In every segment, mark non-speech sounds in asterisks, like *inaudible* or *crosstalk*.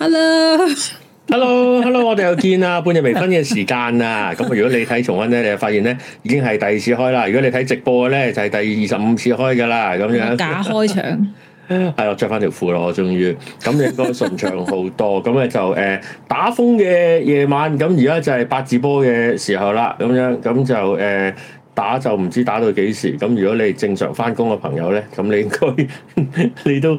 Hello，Hello，Hello，hello, *laughs* 我哋又見啦，半夜微醺嘅時間啦。咁如果你睇重溫咧，你就發現咧已經係第二次開啦。如果你睇直播咧，就係、是、第二十五次開噶啦。咁樣假開場，係咯， *laughs* 着翻條褲咯，我終於，咁應該順暢好多。咁咧 *laughs* 就誒、呃，打風嘅夜晚，咁而家就係八字波嘅時候啦。咁樣，咁就誒。呃打就唔知打到幾時，咁如果你正常翻工嘅朋友咧，咁你應該 *laughs* 你都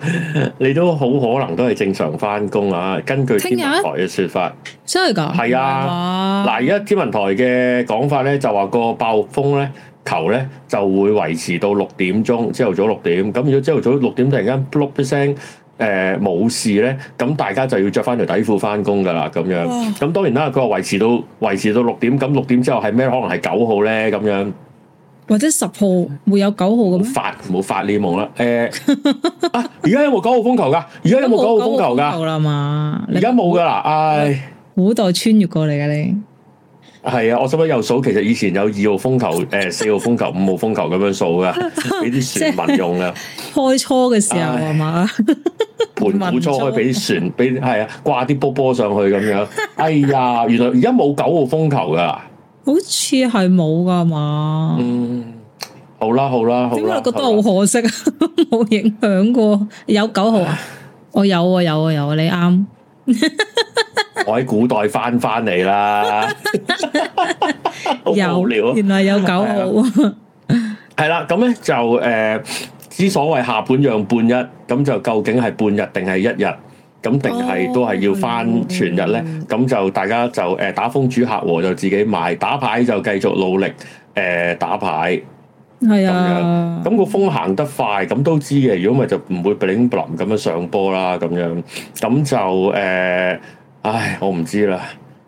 你都好可能都係正常翻工啊。根據天文台嘅説法，真係㗎，係啊，嗱，而家天文台嘅講法咧就話個暴風咧球咧就會維持到六點鐘，朝頭早六點。咁如果朝頭早六點突然間卜卜聲。誒冇、呃、事咧，咁大家就要着翻條底褲翻工噶啦，咁樣。咁哇 當然啦，佢話維持到維持到六點，咁六點之後係咩？可能係九號咧，咁樣。或者十號會有九號咁。發冇發你夢啦？誒、呃、 *laughs* 啊！而家有冇九號風球噶？而家 *laughs* 有冇九號風球噶？冇啦嘛！而家冇噶啦，唉、哎！古代穿越過嚟嘅、啊、你。係啊，我上邊又數，其實以前有二號風球、誒、呃、四號風球、五號風球咁樣數噶，俾啲船民用噶。 *laughs* 開初嘅時候係嘛？盤古唉 *laughs* 初開俾船俾係啊，掛啲波波上去咁樣。哎呀，原來而家冇九號風球噶，好似係冇噶嘛？嗯，好啦好啦好啦。點解覺得好可惜啊？冇啦影響過，有九號、 *laughs* oh, 有啊？我有啊有啊有啊，有啊，你啱。我喺古代翻翻嚟啦，有，原來有九號、 *laughs* 嗯，係啦，咁咧就誒、呃，之所謂下半日半日，咁、嗯、就究竟係半日定係一日，咁定係都係要翻全日咧？咁就大家就誒打風主客和就自己埋，打牌就繼續努力，誒、呃、打牌。係是啊，咁個風行得快，咁都知嘅。如果唔係就唔會 bling bling 咁樣上波啦，咁樣，咁就誒、呃，唉，我唔知啦。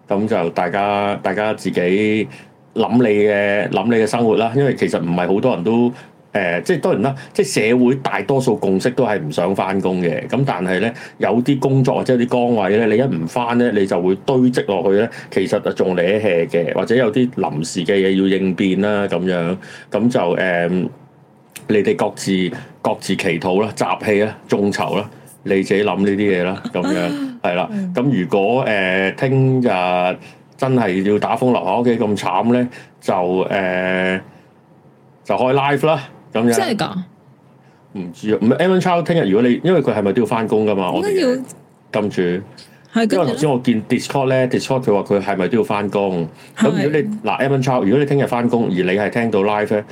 咁就大家大家自己諗你嘅諗你嘅生活啦。因為其實唔係好多人都。誒，即係、就是、當然啦，即、就、係、是、社會大多數共識都係唔想返工嘅。咁但係咧，有啲工作或者有啲崗位咧，你一唔返咧，你就會堆積落去咧。其實啊，仲一氣嘅，或者有啲臨時嘅嘢要應變啦，咁樣咁就誒、嗯，你哋各自各自祈禱啦，集氣啦，眾籌啦，你自己諗呢啲嘢啦，咁樣係啦。咁如果誒聽日真係要打風留喺屋企咁慘咧，就誒、呃、就開 live 啦。咁真係噶？唔知啊，唔係是。Evan Charles 聽日如果你因為佢係咪都要翻工噶嘛？我都要撳住，因為頭先我見呢呢 Discord 咧，Discord 佢話佢係咪都要翻工？咁的如果你嗱 Evan Charles 如果你聽日翻工，而你係聽到 live 咧，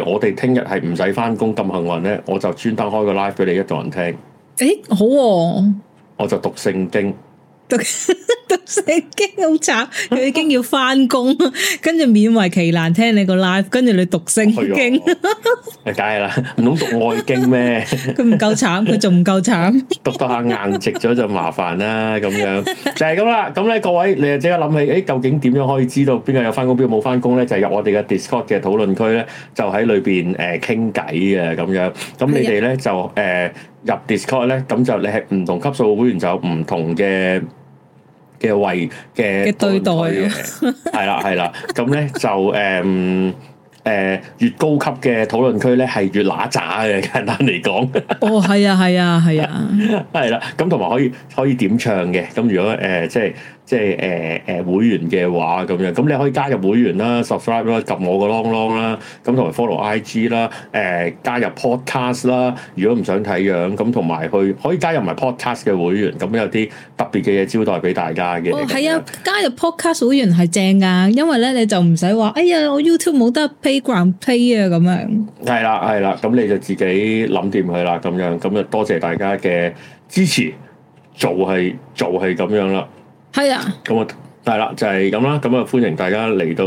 而我哋聽日係唔使翻工，咁幸運咧，我就專登開個 live 俾你一個人聽。誒、欸，好、哦，我就讀聖經。讀讀聖經好慘，佢已經要翻工，跟住勉為其難聽你個 live，跟住你讀聖經，梗係啦，唔通讀外經咩？佢唔夠慘，佢仲唔夠慘？讀到下硬直咗就麻煩啦，咁樣就係咁啦。咁咧，各位你又即刻諗起，誒，究竟點樣可以知道邊個有翻工，邊個冇翻工咧？就係入我哋嘅 Discord 嘅討論區咧，就喺裏邊誒傾偈嘅咁樣。咁你哋咧就誒。入 Discord 咧，咁就你係唔同級數會員就有唔同嘅嘅位嘅對待， *laughs* 係啦係啦。咁咧就誒誒，越高級嘅討論區咧係越乸渣嘅，簡單嚟講。哦，係啊係啊係啊，係啦。咁同埋可以可以點唱嘅。咁如果誒、呃、即係。即係誒誒會員嘅話咁樣，咁你可以加入會員啦、subscribe 啦、撳我個 long long 啦，咁同埋 follow IG 啦，誒、呃、加入 podcast 啦。如果唔想睇樣咁，同埋去可以加入埋 podcast 嘅會員，咁有啲特別嘅嘢招待俾大家嘅。哦，係啊，樣加入 podcast 會員係正㗎，因為咧你就唔使話，哎呀，我 YouTube 冇得 pay gram pay 啊咁樣。係啦係啦，咁、啊、你就自己諗掂佢啦，咁樣咁啊，多謝大家嘅支持，做係做係咁樣啦。係啊，咁啊，係啦，就係咁啦，咁啊，歡迎大家嚟到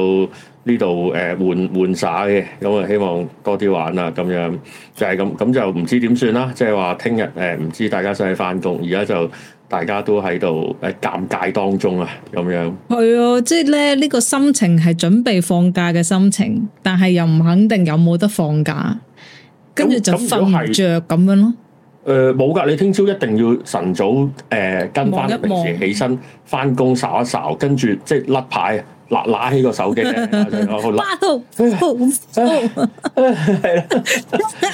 呢度誒，玩玩耍嘅，咁啊，希望多啲玩啊，咁樣就係咁，咁就唔知點算啦，即係話聽日誒，唔知大家想唔想翻工，而家就大家都喺度誒，尷尬當中啊，咁樣。係啊，即係咧，呢個心情係準備放假嘅心情，但係又唔肯定有冇得放假，跟住就瞓着咁樣咯。誒冇㗎！你聽朝一定要晨早誒跟翻平時起身翻工睄一睄，跟住即係甩牌，拉拉起個手機。八號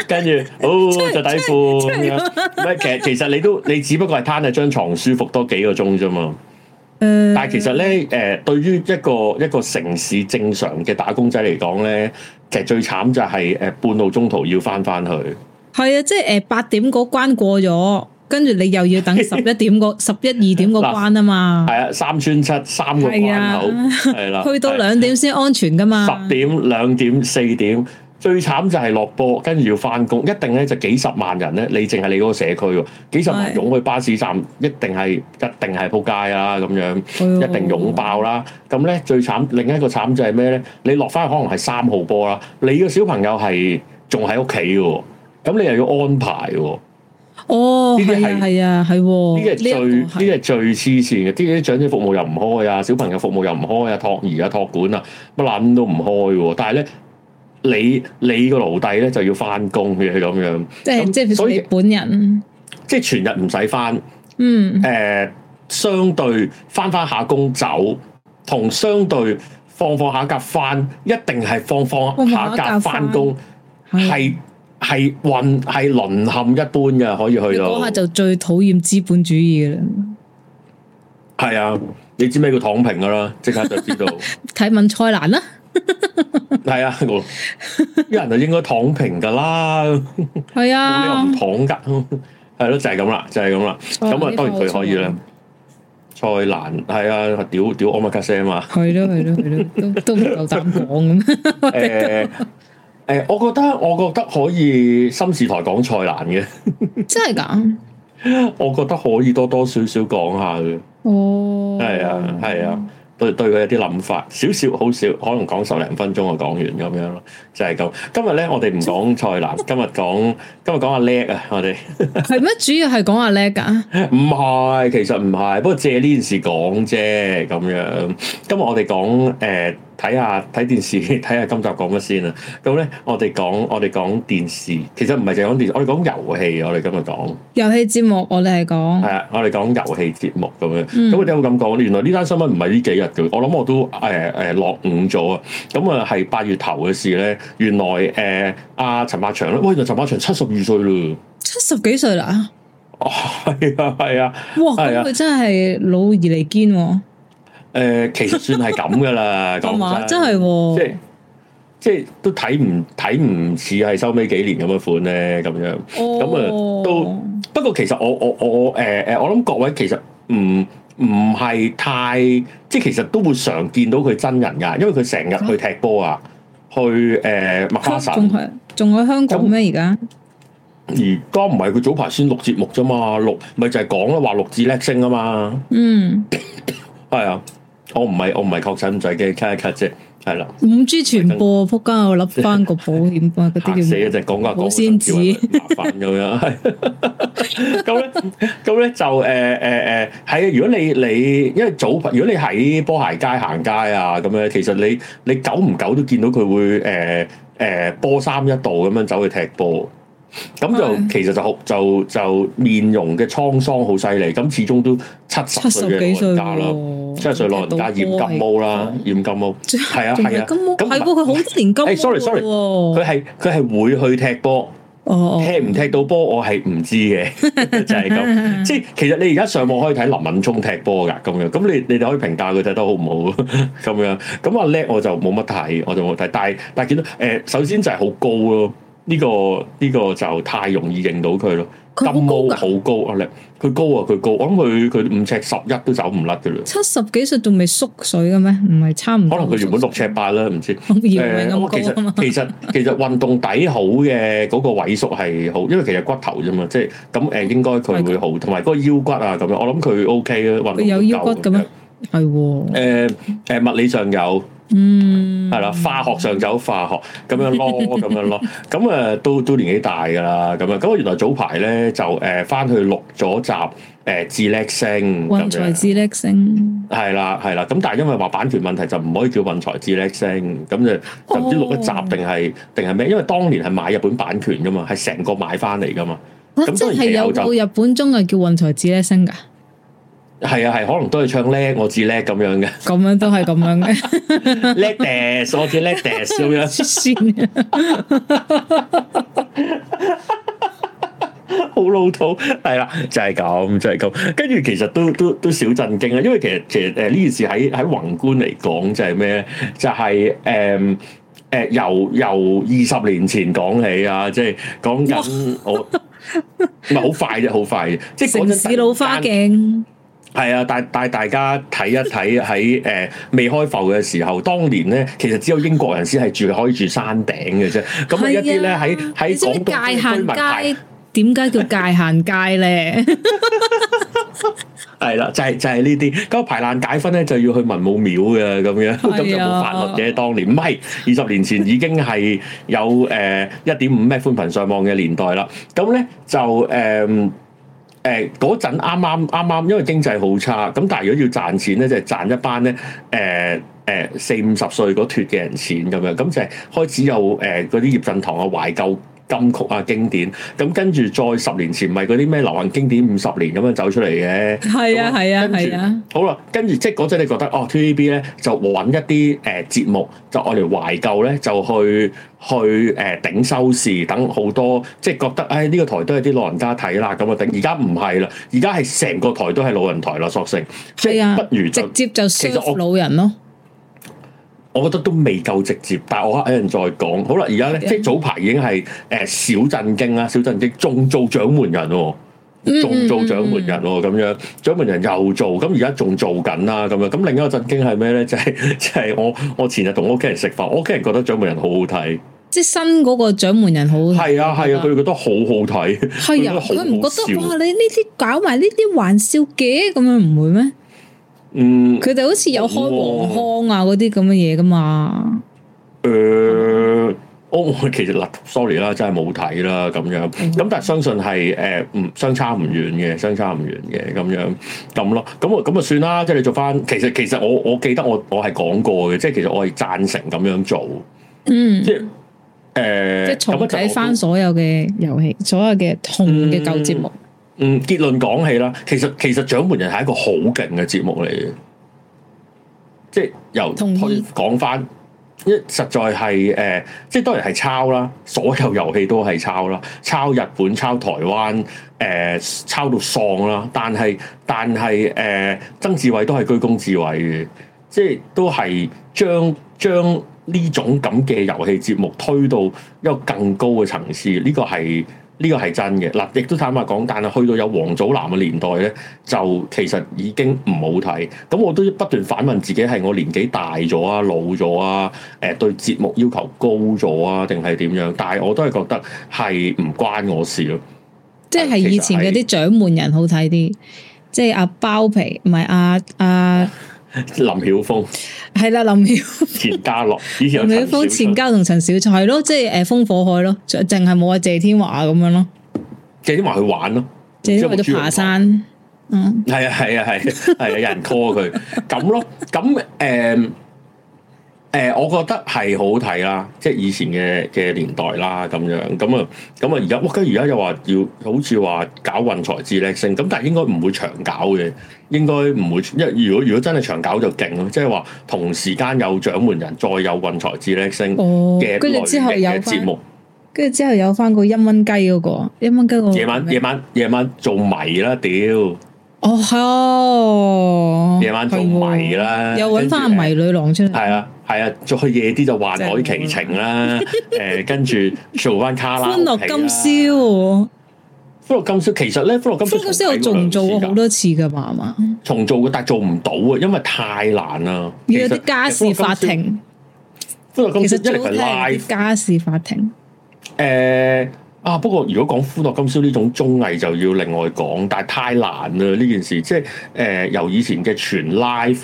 跟住好着底褲，哎哎。其實其實你都你只不過係攤喺張床舒服多幾個鐘啫嘛。誒，但係其實咧誒、呃，對於一個一個城市正常嘅打工仔嚟講咧，其實最慘就係誒半路中途要翻翻去。係啊，即係誒，八點嗰關過咗，跟住你又要等十一點個十一二點嗰關啊嘛。係啊， *laughs* 三串七三個關口係啦，的的去到兩點先安全噶嘛。十點、兩點、四點，最慘就係落波，跟住要翻工，一定咧就幾十萬人咧，你淨係你嗰個社區，幾十萬人湧去巴士站，一定係一定係扑街啊，咁樣，一定擁爆、啊、的啦。咁咧最慘，另一個慘就係咩咧？你落翻去可能係三號波啦，你個小朋友係仲喺屋企嘅。咁你又要安排喎、啊？哦，呢啲係係啊，係呢啲係最呢啲係最黐線嘅。啲啲長者服務又唔開啊，小朋友服務又唔開啊，託兒啊，託管啊，乜撚都唔開喎、啊。但係咧，你你個奴隸咧就要返工嘅咁樣，即係是那即係，所以本人即係全日唔使返，嗯，誒、呃，相對返返下工走，同相對放放下格返，一定係放放下格返工係。係混係淪陷一般嘅，可以去到。嗰下就最討厭資本主義嘅啦。係啊，你知咩叫躺平噶啦？即刻就知道。睇問蔡瀾啦。係啊，啲人就應該躺平噶啦。係啊。你又唔躺噶？係咯，就係咁啦，就係咁啦。咁啊，當然佢可以啦。蔡瀾係啊，屌屌歐米茄聲嘛。係咯係咯係咯，都都唔夠膽講咁。誒，我覺得我覺得可以心事台講蔡瀾嘅，真係噶，我覺得可以多多少少講下嘅、oh. 啊，哦，係啊係啊，對對佢有啲諗法，少少好少，可能講十零分鐘就講完咁樣咯，就係、是、咁。今日咧，我哋唔講蔡瀾，今日講今日講阿叻啊，我哋係咩？主要係講阿叻噶、啊？唔係， *laughs* 其實唔係，不過借呢件事講啫，咁樣。今日我哋講誒。呃睇下睇電視，睇下今集講乜先啊？咁咧，我哋講我哋講電視，其實唔係淨係講電視，我哋講遊戲。我哋今日講遊戲節目我，我哋係講係啊，我哋講遊戲節目咁樣。咁我哋有冇咁講？原來呢單新聞唔係呢幾日嘅。我諗我都誒誒落伍咗啊。咁啊係八月頭嘅事咧，原來誒阿、呃、陳百祥咧，喂，原來陳百祥七十二歲嘞，七十幾歲啦。係啊係啊，哎、哇！咁、那、佢、個、真係老而彌堅喎。誒， *laughs* 其實算係咁噶啦，即係即係都睇唔睇唔似係收尾幾年咁嘅款咧，咁樣咁啊、oh. 呃，都不過其實我我我我誒誒，我諗、呃、各位其實唔唔係太即係，其實都會常見到佢真人噶，因為佢成日去踢波啊，oh? 去誒麥、呃、花臣仲喺仲喺香港咩而家？而家唔係佢早排先錄節目啫嘛，錄咪就係講咯，話錄智叻星啊嘛，嗯，係啊。我唔係我唔係確診仔嘅卡一卡啫，係啦。五 G 傳播，仆街更我笠翻個保險啊！吓 *laughs* 死啊！淨講啊講，先知。咁 *laughs* 樣咁咧，咁咧就誒誒誒，係、呃呃。如果你你因為早，如果你喺波鞋街行街啊，咁樣其實你你久唔久都見到佢會誒誒、呃呃、波衫一度咁樣走去踢波。咁就其實就就就面容嘅滄桑好犀利，咁始終都七十歲嘅老人家啦，七十歲老人家染金毛啦，染金毛，係啊係啊，金毛係喎，佢好多年金。誒，sorry sorry，佢係佢係會去踢波，踢唔踢到波我係唔知嘅，就係咁。即係其實你而家上網可以睇林敏聰踢波噶，咁樣咁你你哋可以評價佢踢得好唔好咯，咁樣。咁啊叻我就冇乜睇，我就冇睇，但係但係見到誒，首先就係好高咯。呢個呢個就太容易認到佢咯，金毛好高啊！佢高啊！佢高，我諗佢佢五尺十一都走唔甩嘅啦。七十幾歲仲未縮水嘅咩？唔係差唔多。可能佢原本六尺八啦，唔知、 *laughs* 啊其。其實其實其實運動底好嘅嗰個位數係好，因為其實骨頭啫嘛，即係咁誒，應該佢會好，同埋嗰個腰骨啊咁樣。我諗佢 OK 啦、啊，運動佢有腰骨咁樣係喎。誒誒，物理上有。嗯，係啦，化學上走化學咁樣咯，咁樣咯，咁啊，都都年紀大噶啦，咁樣，咁我原來早排咧就誒翻去錄咗集誒智叻星，運財智叻星，係啦係啦，咁但係因為話版權問題就唔可以叫運財智叻星，咁就唔知錄一集定係定係咩，因為當年係買日本版權噶嘛，係成個買翻嚟噶嘛，咁即係有部日本綜藝叫運財智叻星噶。係啊是，係可能都係唱叻，我至叻咁樣嘅。咁樣都係咁樣嘅。 *laughs* 叻嘅，我至叻嘅咁樣。好老土。係啦，就係咁，就係咁。跟住其實都都都少震驚啦。因為其實其實誒呢、呃、件事喺喺宏觀嚟講就係咩？就係誒誒由由二十年前講起啊，即係講緊我唔係好快啫，好快。即係城市老花鏡。係啊，帶帶大家睇一睇喺誒未開埠嘅時候，當年咧其實只有英國人先係住可以住山頂嘅啫，咁一啲咧喺喺港島街，點解 *laughs* 叫界限街咧？係 *laughs* 啦， *laughs* 就係、是、就係呢啲，嗰、那個、排難解紛咧就要去文武廟嘅咁樣，根 *laughs* 的 *laughs* 就冇法律嘅。當年唔係二十年前已經係有誒一點五 M 寬頻上網嘅年代啦，咁咧就誒。呃誒嗰陣啱啱啱啱，因為經濟好差，咁但係如果要賺錢咧，就係、是、賺一班咧，誒、呃、誒、呃、四五十歲嗰脱嘅人錢咁樣，咁就係開始有誒嗰啲葉振棠嘅懷舊。金曲啊，經典咁，跟住再十年前咪嗰啲咩流行經典五十年咁樣走出嚟嘅，係啊係啊係啊，好啦，跟住即係嗰陣你覺得哦 TVB 咧就揾一啲誒、呃、節目就愛嚟懷舊咧就去去誒、呃、頂收視等好多，即係覺得唉呢、哎這個台都係啲老人家睇啦，咁啊頂，而家唔係啦，而家係成個台都係老人台啦，索性即係不如、啊、直接就其實老人咯。我覺得都未夠直接，但係我睇有人再講，好啦，而家咧即係早排已經係誒小震驚啦，小震驚，仲做獎門人、哦，仲做獎門人咁、哦、樣，獎門人又做，咁而家仲做緊啦，咁樣，咁另一個震驚係咩咧？就係、是、就係、是、我我前日同屋企人食飯，屋企人覺得獎門人好好睇，即係新嗰個獎門人好好睇，係啊係啊，佢哋、啊啊、覺得好好睇，係啊，佢唔 *laughs* 覺得話你呢啲搞埋呢啲玩笑嘅，咁樣唔會咩？ *laughs* 嗯，佢哋好似有開黃腔啊，嗰啲咁嘅嘢噶嘛？誒、呃，我嗎、哦、我其實 sorry 啦，真係冇睇啦，咁樣咁，嗯，但係相信係誒，唔相差唔遠嘅，相差唔遠嘅咁樣咁咯，咁我咁啊算啦，即係你做翻，其實其實我我記得我我係講過嘅，即係其實我係贊成咁樣做，嗯，即係誒，呃、即係重睇翻所有嘅遊戲，所有嘅同嘅舊節目。嗯嗯，結論講起啦，其實其實獎門人係一個好勁嘅節目嚟嘅，即係由可以講翻，一實在係誒、呃，即係當然係抄啦，所有遊戲都係抄啦，抄日本、抄台灣，誒、呃，抄到喪啦。但係但係誒、呃，曾志偉都係居功至偉嘅，即係都係將將呢種咁嘅遊戲節目推到一個更高嘅層次，呢、這個係。呢個係真嘅嗱，亦都坦白講，但係去到有王祖藍嘅年代咧，就其實已經唔好睇。咁我都不斷反問自己，係我年紀大咗啊，老咗啊，誒、呃、對節目要求高咗啊，定係點樣？但係我都係覺得係唔關我事咯。即係以前嗰啲獎門人好睇啲，即係阿包皮唔係阿阿。林曉峰係啦，林曉峰錢嘉樂以前林曉峰錢嘉同陳小蔡咯，即係誒風火海咯，淨係冇阿謝天華咁樣咯。謝天華去玩咯，謝天華都爬山，嗯，係啊係啊係，係啊,啊,啊,啊有人 call 佢咁咯咁誒。誒、呃，我覺得係好睇啦，即係以前嘅嘅年代啦，咁樣咁啊，咁啊，而家我跟而家又話要好似話搞運財智叻星，咁但係應該唔會長搞嘅，應該唔會，因為如果如果真係長搞就勁咯，即係話同時間有獎門人再有運財智叻星嘅嘅有節目，跟住、哦、之後有翻、嗰個一蚊雞，嗰個一蚊雞，個夜晚麼夜晚，夜晚做迷啦屌！嗯。哦，係啊，夜晚做迷啦，又搵翻迷女郎出嚟。係啊，係啊，再去夜啲就幻海奇情啦。誒，跟住做翻卡拉。歡樂今宵，歡樂今宵其實咧，歡樂今宵今宵。我仲做過好多次噶嘛，係嘛？重做嘅，但係做唔到啊，因為太難啦。要有啲家事法庭，歡樂今宵一直係拉家事法庭。誒。啊！不過如果講歡樂今宵呢種綜藝就要另外講，但係太難啦呢件事，即係誒、呃、由以前嘅全 live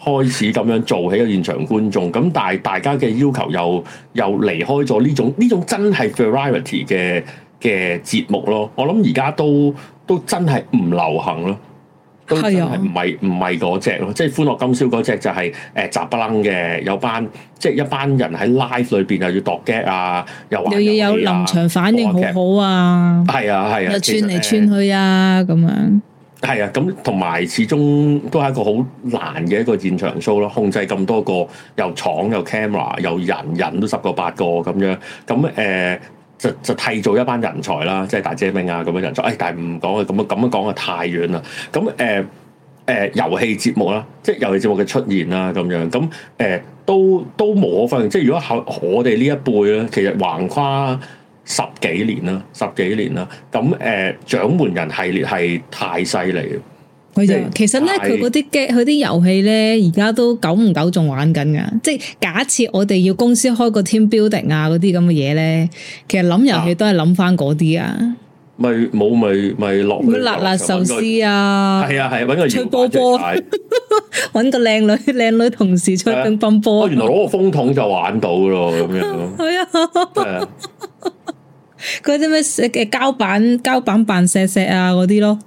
開始咁樣做起個現場觀眾，咁但係大家嘅要求又又離開咗呢種呢種真係 variety 嘅嘅節目咯，我諗而家都都真係唔流行咯。都真係唔係唔係嗰隻咯，即係歡樂今宵嗰隻就係、是、誒、呃、雜不楞嘅，有班即係一班人喺 live 裏邊又要度 gag 啊，又要有臨場反應、啊、好好啊，係啊係啊，又、啊、串嚟串去啊咁樣。係啊，咁同埋始終都係一個好難嘅一個現場 show 咯，控制咁多個又廠又 camera 又人人都十個八個咁樣，咁誒。呃就就締造一班人才啦，即係大姐明啊咁樣人才，誒、哎，但係唔講啊，咁啊咁樣講啊太遠啦。咁誒誒遊戲節目啦，即係遊戲節目嘅出現啦，咁樣咁誒、呃、都都無可否認，即係如果後我哋呢一輩咧，其實橫跨十幾年啦，十幾年啦，咁誒、呃、獎門人系列係太犀利。佢就其實咧，佢嗰啲 game，佢啲遊戲咧，而家都久唔久仲玩緊噶。即係假設我哋要公司開個 team building 啊，嗰啲咁嘅嘢咧，其實諗遊戲都係諗翻嗰啲啊。咪冇咪咪落咩辣辣壽司啊？係啊係，搵個吹波波，搵個靚女靚女同事吹乒乓波。哦，原來攞個風筒就玩到咯，咁樣。係啊。係啊。嗰啲咩石嘅膠板膠板扮石石啊嗰啲咯。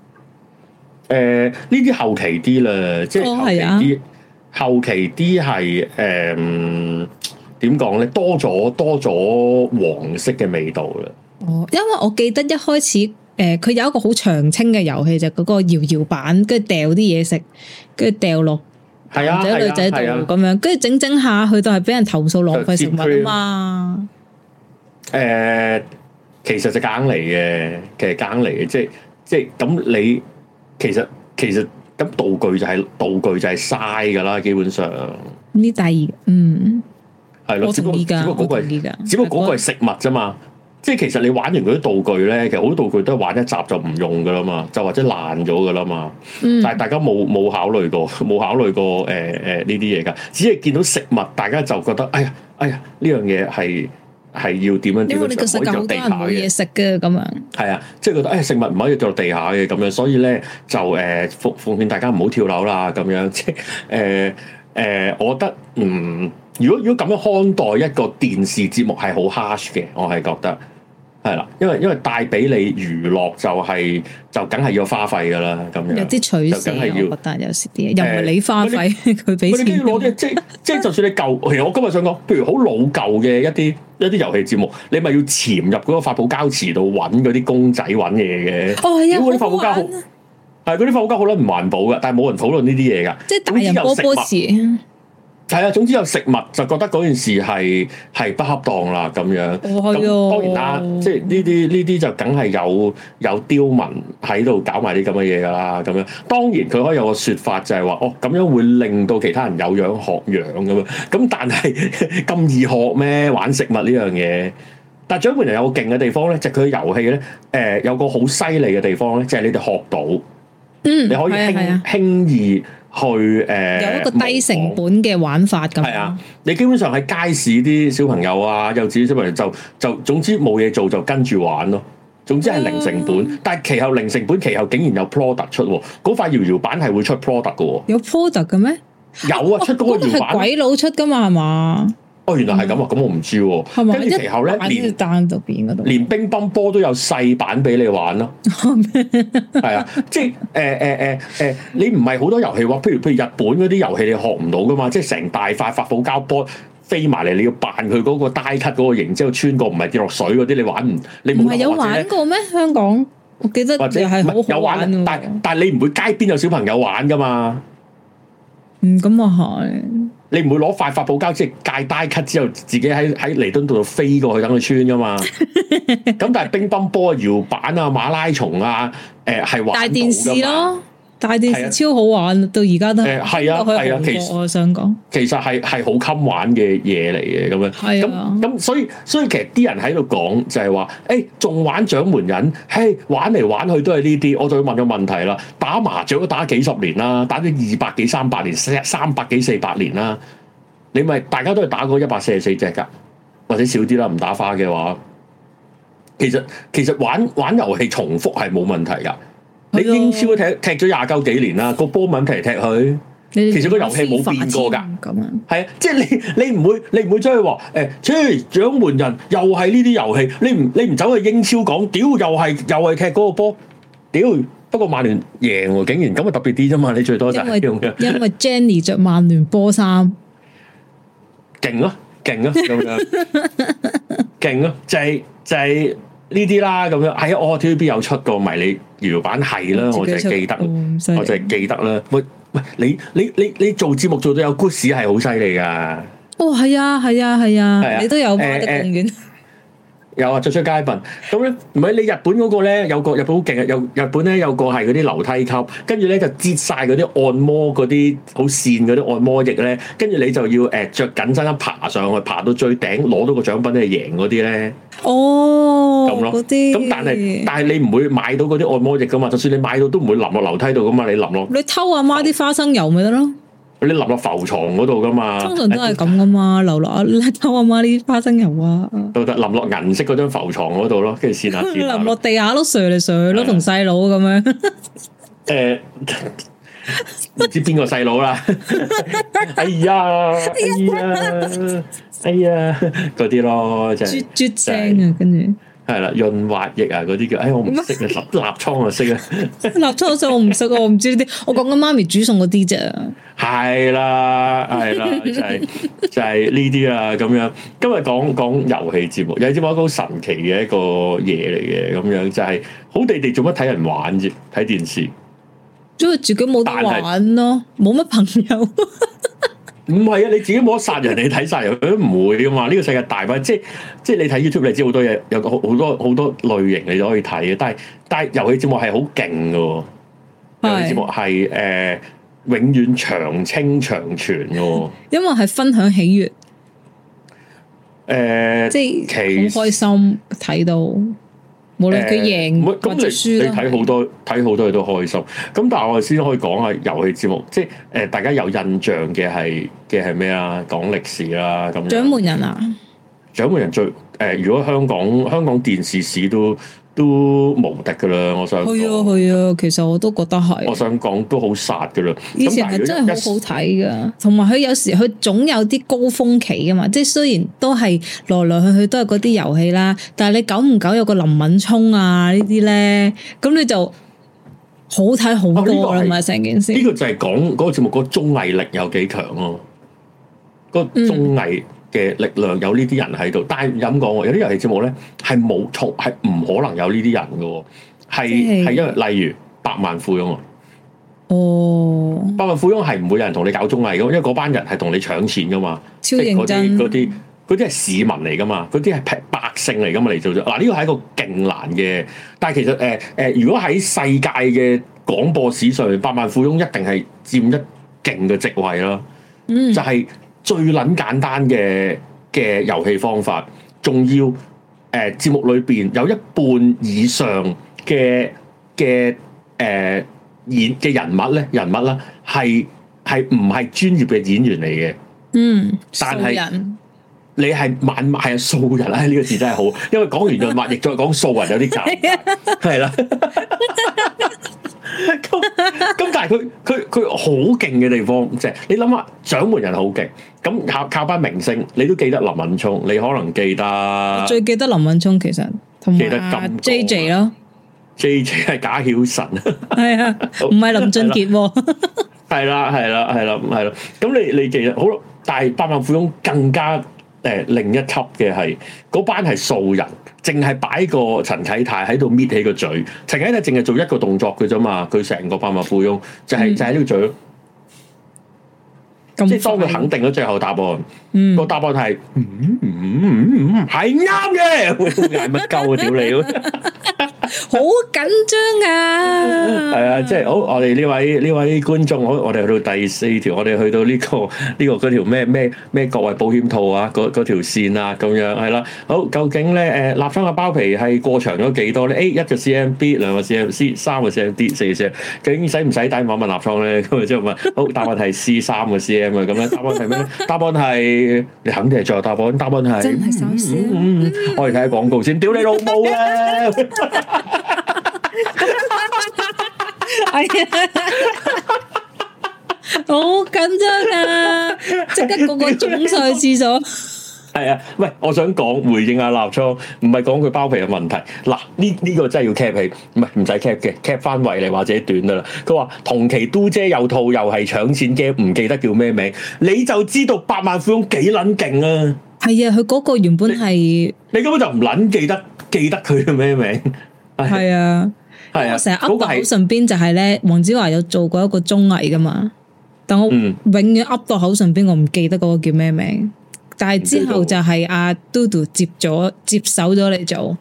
誒，呢啲後期啲啦，即係、哦、後期啲，啊、後期啲係誒，點講咧？多咗多咗黃色嘅味道啦。哦，因為我記得一開始誒，佢、呃、有一個好長青嘅遊戲就嗰、是、個搖搖板，跟住掉啲嘢食，跟住掉落男仔女仔度咁樣，跟住整整下，去，就係俾人投訴浪費食物啊嘛。誒、嗯，其實就梗嚟嘅，其實梗嚟嘅，即係即係咁你。其實其實咁道具就係、是、道具就係嘥噶啦，基本上呢第二，嗯係咯，的只不過嗰個係只不過嗰個係食物啫嘛，的即係其實你玩完嗰啲道具咧，其實好多道具都係玩一集就唔用噶啦嘛，就或者爛咗噶啦嘛，嗯、但係大家冇冇考慮過冇 *laughs* 考慮過誒誒呢啲嘢噶，只係見到食物大家就覺得哎呀哎呀呢、哎、樣嘢係。係要點樣掉落去？可以掉地下嘅，係啊，即係覺得誒，食物唔可以掉落地下嘅咁樣，所以咧就誒奉奉勸大家唔好跳樓啦咁樣，即係誒誒，我覺得嗯，如果如果咁樣看待一個電視節目係好 harsh 嘅，我係覺得。係、就是、啦，因為因為帶俾你娛樂就係就梗係要花費噶啦，咁樣有啲取捨，但有時啲嘢，又唔係你花費，佢俾錢。我啲即係即係就算你舊，其實我今日想講，譬如好老舊嘅一啲一啲遊戲節目，你咪要潛入嗰個發泡膠池度揾嗰啲公仔揾嘢嘅。哦，係啊，好難。係嗰啲發泡膠好撚唔環保噶，但係冇人討論呢啲嘢噶。即係大人波波池。啊係啊，總之有食物就覺得嗰件事係係不恰當啦咁樣。咁當然啦，即係呢啲呢啲就梗係有有刁民喺度搞埋啲咁嘅嘢㗎啦咁樣。當然佢可以有個説法就係話，哦咁樣會令到其他人有樣學樣咁樣。咁但係咁 *laughs* 易學咩？玩食物呢樣嘢？但係獎門人有個勁嘅地方咧，就佢、係、遊戲咧，誒、呃、有個好犀利嘅地方咧，就係、係、你哋學到，嗯，你可以輕、啊啊、輕易。去誒、呃、有一個低成本嘅玩法咁。係啊，你基本上喺街市啲小朋友啊、幼稚園小朋友就就總之冇嘢做，就跟住玩咯。總之係、啊、零成本，啊、但係其後零成本，其後竟然有 product 出喎、啊。嗰塊搖搖板係會出 product 嘅喎、啊。有 product 嘅咩？有啊，出嗰個搖搖板鬼佬出㗎嘛係嘛？哦，原來係咁啊！咁我唔知喎。跟住其後咧，連單獨邊嗰度，連乒乓波都有細版俾你玩咯。係啊，即係誒誒誒誒，你唔係好多遊戲喎。譬如譬如日本嗰啲遊戲你學唔到噶嘛？即係成大塊發泡膠波飛埋嚟，你要扮佢嗰個戴凸嗰個形之後穿過，唔係跌落水嗰啲你玩唔？你唔係有玩過咩？香港，我記得又係有玩，但但係你唔會街邊有小朋友玩噶嘛？嗯，咁啊係。你唔會攞塊發泡膠即係戒低咳之後，自己喺喺彌敦道度飛過去等佢穿㗎嘛？咁 *laughs* 但係乒乓波啊、搖板啊、馬拉松啊、誒、呃、係玩到㗎嘛？大電視超好玩，啊、到而家都係都可以重播啊！想講、啊、其實係係好襟玩嘅嘢嚟嘅咁樣，咁咁、啊、所以所以其實啲人喺度講就係話，誒、欸、仲玩獎門人，嘿玩嚟玩去都係呢啲。我就問咗問題啦，打麻雀都打幾十年啦，打咗二百幾三百年，三百幾四百年啦，你咪大家都係打過一百四十四隻㗎，或者少啲啦，唔打花嘅話，其實其實玩玩遊戲重複係冇問題㗎。你英超都踢踢咗廿嚿幾年啦，個波踢嚟踢去，其實個遊戲冇變過噶，係啊、 *music* 嗯，即係你你唔會你唔會追話誒，切、欸，獎門人又係呢啲遊戲，你唔你唔走去英超講，屌又係又係踢嗰個波，屌，不過曼聯贏喎，竟然咁啊特別啲啫嘛，你最多就係咁樣因，因為 Jenny 着曼聯波衫，勁咯勁啊，咁樣，勁咯就係就係呢啲啦咁樣，喺呀，我、哦、T V B 有出過，咪你。搖板係啦，我就記得，哦、用用我就記得啦。喂喂，喂你你你你，你做節目做到有 guts 係好犀利㗎。哦，係啊，係啊，係啊，啊你都有跑得咁、欸欸、更遠。 *laughs* 有啊，着出街品，咁咧唔係你日本嗰個咧，有個日本好勁啊，有日本咧有個係嗰啲樓梯級，跟住咧就擠晒嗰啲按摩嗰啲好滑嗰啲按摩液咧，跟住你就要誒著、呃、緊身一爬上去，爬到最頂攞到個獎品咧贏嗰啲咧，哦咁咯，咁些但係但係你唔會買到嗰啲按摩液噶嘛，就算你買到都唔會淋落樓梯度噶嘛，你淋落你偷阿媽啲花生油咪得咯。嗯佢啲淋落浮床嗰度噶嘛？通常都係咁噶嘛，流落阿偷阿媽啲花生油啊！到得淋落銀色嗰張浮床嗰度咯，跟住綫下綫。淋落地下都瀡嚟瀡去咯，同細佬咁樣。誒，唔知邊個細佬啦？哎呀，哎呀，嗰啲咯，真係絕絕正啊！跟住。係啦，潤滑液啊，嗰啲叫，哎，我唔識 *laughs* 啊， *laughs* 立立倉我識啊，立倉好識，我唔識啊，我唔知呢啲，我講緊媽咪煮餸嗰啲啫啊， *laughs* *laughs* 係啦，係啦，就係、是、就係呢啲啦，咁樣，今日講講遊戲節目，遊戲節目一個好神奇嘅一個嘢，嚟嘅。咁樣就係、是、好地地做乜睇人玩啫，睇電視，因為自己冇得玩咯，冇乜是朋友。 *laughs* 唔係啊！你自己冇得殺人， *noise* 你睇晒人佢都唔會噶嘛。呢、呢個世界大把，即係即係你睇 YouTube，你知好多嘢，有好好多好多類型你都可以睇嘅。但係但係遊戲節目係好勁嘅，是遊戲節目係誒、呃、永遠長青長存嘅，因為係分享喜悅。誒，即係好開心睇到。無論佢贏或者輸，你睇好多睇好多嘢，都開心。咁但係我哋先可以講下遊戲節目，即係誒、呃，大家有印象嘅係嘅係咩啊？講歷史啦，咁。獎門人啊！獎門人最誒、呃，如果香港香港電視史都都無敵噶啦！我想講，係啊，係啊！其實我都覺得係。我想講都好殺噶啦，以前係真係好好睇噶，同埋佢有時佢總有啲高峰期噶嘛，即係雖然都係來來去去都係嗰啲遊戲啦，但係你久唔久有個林敏聰啊呢啲咧，咁你就好睇好多啦嘛！成件事呢個就係講嗰個節目個綜藝力有幾強咯，個綜藝。嘅力量有呢啲人喺度。但係噉講，有啲遊戲節目咧係冇錯，係唔可能有呢啲人嘅，係係是因為例如百萬富翁啊，哦，百萬富翁係唔、哦、會有人同你搞綜藝嘅，因為嗰班人係同你搶錢嘅嘛，即係嗰啲啲啲係市民嚟噶嘛，嗰啲係百姓嚟噶嘛嚟做咗嗱，呢個係一個勁難嘅。但係其實誒誒、呃呃，如果喺世界嘅廣播史上，百萬富翁一定係佔一勁嘅職位囉，嗯、就係、是。最撚簡單嘅嘅遊戲方法，仲要誒、呃、節目裏邊有一半以上嘅嘅誒演嘅人物咧，人物啦，係係唔係專業嘅演員嚟嘅？嗯，素人，你係漫罵係素人啦、啊，呢、這個字真係好，因為講完人物，亦再講素人有啲假，係啦。咁咁，但係佢佢佢好勁嘅地方即係，你諗下獎門人好勁，咁靠靠班明星，你都記得林敏驄，你可能記得最記得林敏驄，其實同記得咁 J J 咯，J J 係賈曉晨，係啊，唔係林俊傑，係啦係啦係啦係啦，咁你你其實好，但係百萬富翁更加。誒，另一級嘅係嗰班係素人，淨係擺個陳啟泰喺度搣起個嘴，陳啟泰淨係做一個動作嘅啫嘛，佢成個百萬富翁就係、係、就係、係、呢個嘴咯。嗯、即係當佢肯定咗最後答案，嗯、個答案係係啱嘅，會嗌乜鳩啊屌你！ *laughs* 好緊張啊！係啊、 *laughs* uh,，即係好，我哋呢位呢位觀眾，我我哋去到第四條，我哋去到呢、這個呢、這個嗰條咩咩咩國外保險套啊，嗰嗰條線啊，咁樣係啦。好，究竟咧誒，立倉嘅包皮係過長咗幾多咧？A 一個 C M B，兩個 C M C，三個 C M D，四個 C，M, 究竟使唔使帶網問立倉咧？咁啊，之後問好，答案係 C 三個 C M 啊，咁樣答案係咩？ *laughs* 答案係你肯定係最後答案。答案係真係收線、嗯嗯嗯嗯、我哋睇下廣告先。屌你老母啊！係啊，好緊張啊！即刻個個腫晒廁所。係啊，喂，我想講回應阿立倉，唔係講佢包皮嘅問題。嗱，呢呢個真係要 cap 皮，唔係唔使 cap 嘅，cap 翻圍嚟或者短噶啦。佢話同期都姐又套又係搶錢姐，唔記得叫咩名，你就知道百萬富翁幾撚勁啊！係啊，佢嗰個原本係你根本就唔撚記得記得佢叫咩名，係啊。我成日噏到口唇邊就係咧，黃子華有做過一個綜藝噶嘛，但我永遠噏到口唇邊，我唔記得嗰個叫咩名。但係之後就係阿嘟嘟接咗接手咗嚟做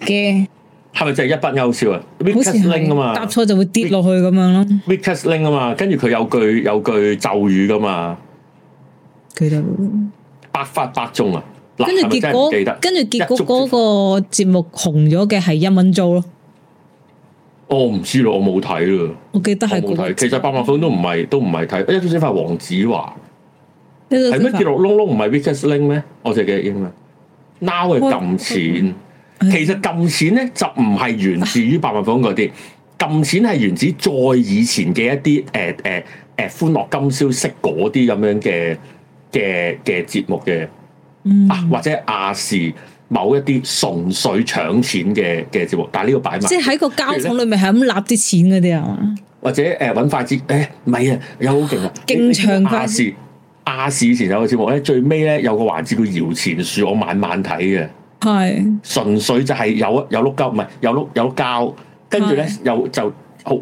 嘅，係咪就係一筆勾銷啊 w i c k 啊嘛，答錯就會跌落去咁樣咯。啊嘛，跟住佢有句有句咒語噶嘛，其實百發百中啊。跟住結果跟住結果嗰個節目紅咗嘅係一蚊租咯。我唔知咯，我冇睇咯。我記得係，其實百萬粉都唔係，都唔係睇。一筆 Out 消黃子華，係咩節目窿窿？唔 g w o n g 唔係 Weakest Link 咩？我就記英文。嗱係撳錢，其實撳錢咧就唔係源自於百萬粉嗰啲，撳錢係源自再以前嘅一啲誒誒誒歡樂今宵式嗰啲咁樣嘅嘅嘅節目嘅，嗯，或者亞視。某一啲純粹搶錢嘅嘅節目，但係呢個擺埋，即係喺個交桶裏面係咁立啲錢嗰啲啊，或者誒揾筷子，誒唔係啊，有好勁啊市，勁長。亞視亞視以前有個節目咧、哎，最尾咧有個環節叫搖錢樹，我晚晚睇嘅，係是純粹就係有有碌膠，唔係有碌有膠，跟住咧又就。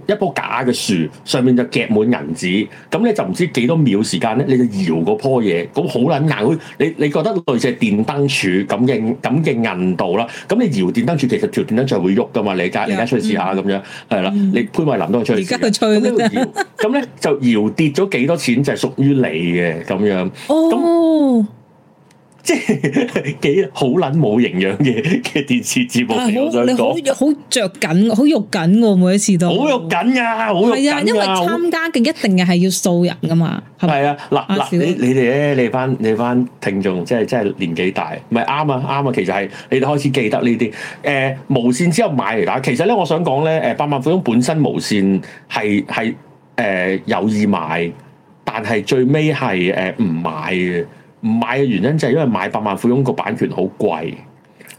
一樖假嘅樹，上面就夾滿銀紙，咁咧就唔知幾多秒時間咧，你就搖嗰樖嘢，咁好撚硬，好你你覺得類似係電燈柱咁嘅咁嘅硬度啦。咁你搖電燈柱，其實條電燈柱會喐㗎嘛？你而家而家出去試下咁樣，係啦、嗯，你潘慧林都去出去，而家去吹啦。咁咧就搖跌咗幾多錢就係屬於你嘅咁樣。樣哦。哦。即係幾好撚冇營養嘅嘅電視節目，你好好著緊，好肉緊㗎，每一次都好肉緊㗎、啊，好肉緊㗎、啊。因為參加嘅一定係要數人㗎嘛。係啊，嗱嗱、啊啊，你你哋咧，你班你班聽眾，即係真係年紀大，唔係啱啊啱啊。其實係你哋開始記得呢啲誒無線之後買嚟打。其實咧，實呢實我想講咧，誒百萬富翁本身無線係係誒有意買，但係最尾係誒唔買嘅。唔買嘅原因就係因為買百萬富翁個版權好貴，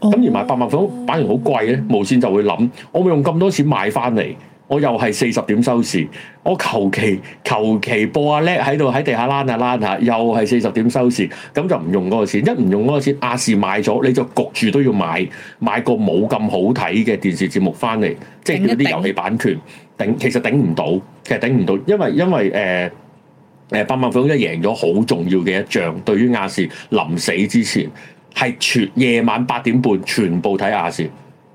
咁、oh. 而買百萬富翁版權好貴咧，無線就會諗，我咪用咁多錢買翻嚟，我又係四十點收視，我求其求其播阿叻喺度喺地下攣下攣下，爛爛爛爛又係四十點收視，咁就唔用嗰個錢，一唔用嗰個錢，亞視買咗你就焗住都要買，買個冇咁好睇嘅電視節目翻嚟，頂頂即係嗰啲遊戲版權，頂其實頂唔到，其實頂唔到，因為因為誒。呃誒百萬富翁一贏咗好重要嘅一仗，對於亞視臨死之前，係全夜晚八點半全部睇亞視，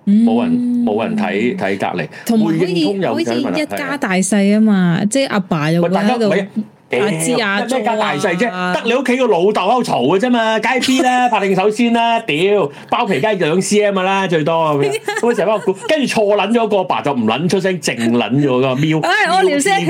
冇人冇人睇睇隔離，同埋認通有身份好似一家大細啊嘛，即係阿爸又喺度。知啊？咩、欸、家大細啫？得你屋企個老豆喺度嘈嘅啫嘛，梗係 B 啦，拍定首先啦，屌包皮梗係兩 CM 啦，最多。咁成班，跟住錯捻咗個阿爸就唔捻出聲，靜捻咗個喵。唉、哎，我唸聲。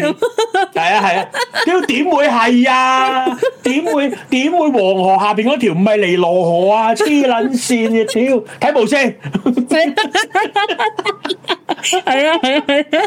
係啊係啊，屌點會係啊？點會點、啊、會，會黃河下邊嗰條唔係尼羅河啊？黐捻線嘅，屌睇部先。係啊係啊係啊！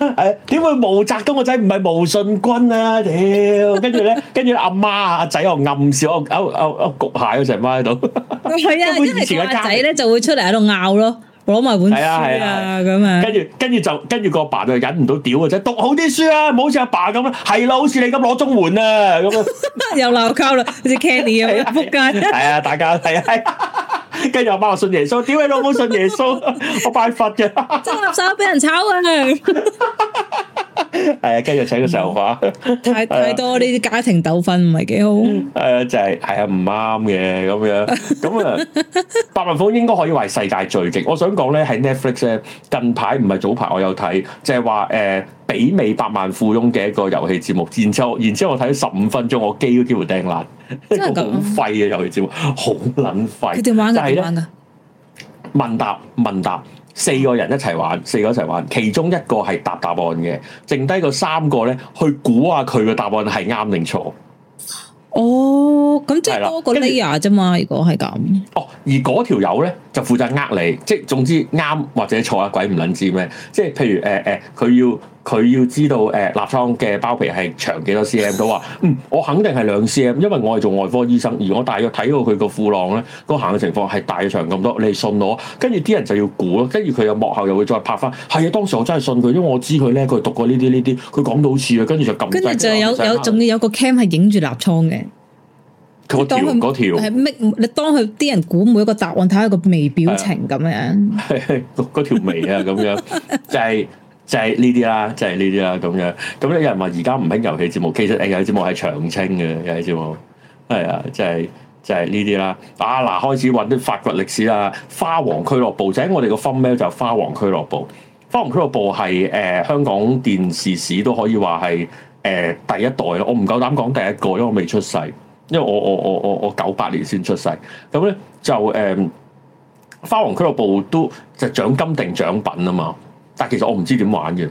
誒，點會毛澤東個仔唔係毛信君啊？屌，跟住咧，跟住阿媽阿仔又暗笑，我勾勾勾焗蟹成陣喺度，係啊，因為阿仔咧就會出嚟喺度拗咯，攞埋本書啊，咁啊，跟住跟住就跟住個爸就忍唔到屌啊，真讀好啲書啊，唔好似阿爸咁啦，係啦，好似你咁攞綜援啊，咁啊，又鬧交啦，好似 Kenny 啊，仆街，係啊，大家係啊。跟住阿媽話信耶穌，屌你老母信耶穌？我拜佛嘅，執笠俾人炒啊！係啊，跟住請佢洗頭髮，太太多呢啲家庭糾紛唔係幾好。誒，就係係啊，唔啱嘅咁樣。咁啊，白文峰應該可以話世界最勁。我想講咧喺 Netflix 咧，近排唔係早排我有睇，就係話誒。媲美百萬富翁嘅一個遊戲節目，然之後，然之後我睇咗十五分鐘，我機都幾乎掟爛，真係咁廢嘅遊戲節目，好撚廢。佢哋玩噶，佢哋玩噶。問答問答，四個人一齊玩，四個一齊玩，其中一個係答答案嘅，剩低個三個咧去估下佢嘅答案係啱定錯。哦，咁即係多個 layer 啫嘛？後如果係咁，哦，而嗰條友咧就負責呃你，即係總之啱或者錯啊，鬼唔撚知咩？即係譬如誒誒，佢、呃呃呃呃、要。佢要知道立倉嘅包皮係長幾多 cm，都話嗯，我肯定係兩 cm，因為我係做外科醫生，而我大約睇到佢個褲浪咧，個行嘅情況係大長咁多，你信我？跟住啲人就要估咯，跟住佢又幕後又會再拍翻。係、哎、啊，當時我真係信佢，因為我知佢咧，佢讀過呢啲呢啲，佢講到好似啊，跟住就撳。跟住就有後就有仲要有，有個 cam 係影住立倉嘅。佢條條你當佢啲人估每一個答案，睇下個微表情咁樣的。係係嗰條微啊，咁樣就係、是。 *laughs* *laughs* 就係呢啲啦，就係呢啲啦咁樣。咁咧有人話而家唔興遊戲節目，其實誒遊戲節目係長青嘅，遊戲節目係啊，就係、係、就係呢啲啦。啊嗱，開始揾啲發掘歷史啦。花王俱樂部就喺我哋個 form 就係花王俱樂部。花王俱樂部係誒、呃、香港電視史都可以話係誒第一代咯。我唔夠膽講第一個，因為我未出世，因為我我我我我九八年先出世。咁咧就誒、呃、花王俱樂部都就獎金定獎品啊嘛。但其實我唔知點玩嘅，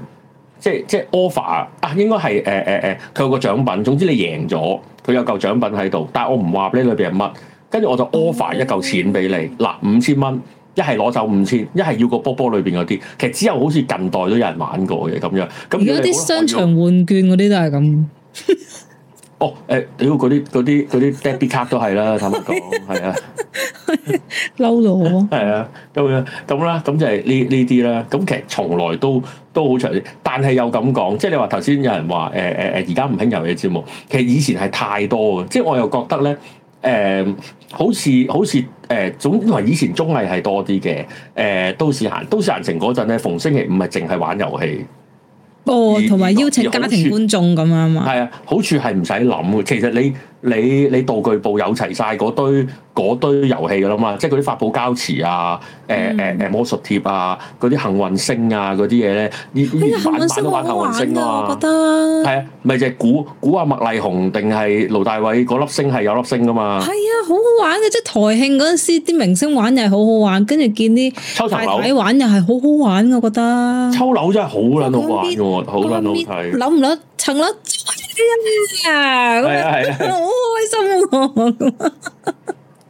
即係即係 offer 啊，應該係誒誒誒，佢、呃呃、有個獎品，總之你贏咗，佢有嚿獎品喺度。但係我唔話你裏邊係乜，跟住我就 offer、嗯、一嚿錢俾你，嗱五千蚊，一係攞走五千，一係要，要個波波裏邊嗰啲。其實之後好似近代都有人玩過嘅咁樣。如果啲商場換券嗰啲都係咁。 *laughs* 哦，誒屌嗰啲嗰啲嗰啲 Daddy Card 都係啦， *laughs* 坦白講，係啊，嬲到 *laughs* *laughs* 了我。係 *laughs* 啊，咁樣咁啦，咁就係呢呢啲啦。咁其實從來都都好長，但係又咁講，即係你話頭先有人話誒誒誒，而家唔興遊戲節目，其實以前係太多嘅。即係我又覺得咧，誒、呃、好似好似誒、呃、總話以前綜藝係多啲嘅，誒、呃、都市閒都市閒情嗰陣咧，逢星期五咪淨係玩遊戲。哦，同埋邀請家庭觀眾咁樣嘛，係啊，好處係唔使諗嘅。其實你你你道具部有齊晒嗰堆堆遊戲嘅啦嘛，即係嗰啲發泡膠池啊，誒誒誒魔術貼啊，嗰啲幸運星啊嗰啲嘢咧，呢啲玩都玩幸運星好玩啊，我覺得係啊，咪就係估估下麥麗紅定係盧大偉嗰粒星係有粒星嘅嘛，係啊，好好玩嘅，即係台慶嗰陣時啲明星玩又係好好玩，跟住見啲抽樓玩又係好好玩。我覺得抽樓真係好撚好玩。好撚好睇，諗唔諗層樓住啊？係啊係啊，好開心啊！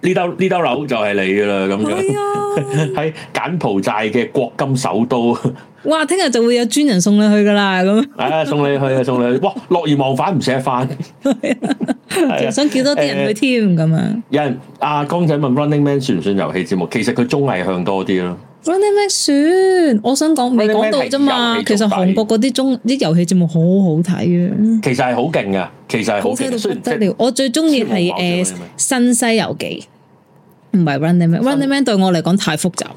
呢兜呢兜樓就係你噶啦，咁樣喺柬埔寨嘅國金首都。哇！聽日就會有專人送你去噶啦，咁。啊，送你去啊，送你。哇！樂而忘返，唔捨得翻，想叫多啲人去添咁啊！有人阿江仔問 Running Man 算唔算遊戲節目？其實佢綜藝向多啲咯。Running Man 算，我想講未講到啫嘛。其實韓國嗰啲中啲遊戲節目好好睇啊。其實係好勁噶，其實係好勁，犀利。我最中意係誒新西遊記，唔係 Running Man。Running Man 對我嚟講太複雜。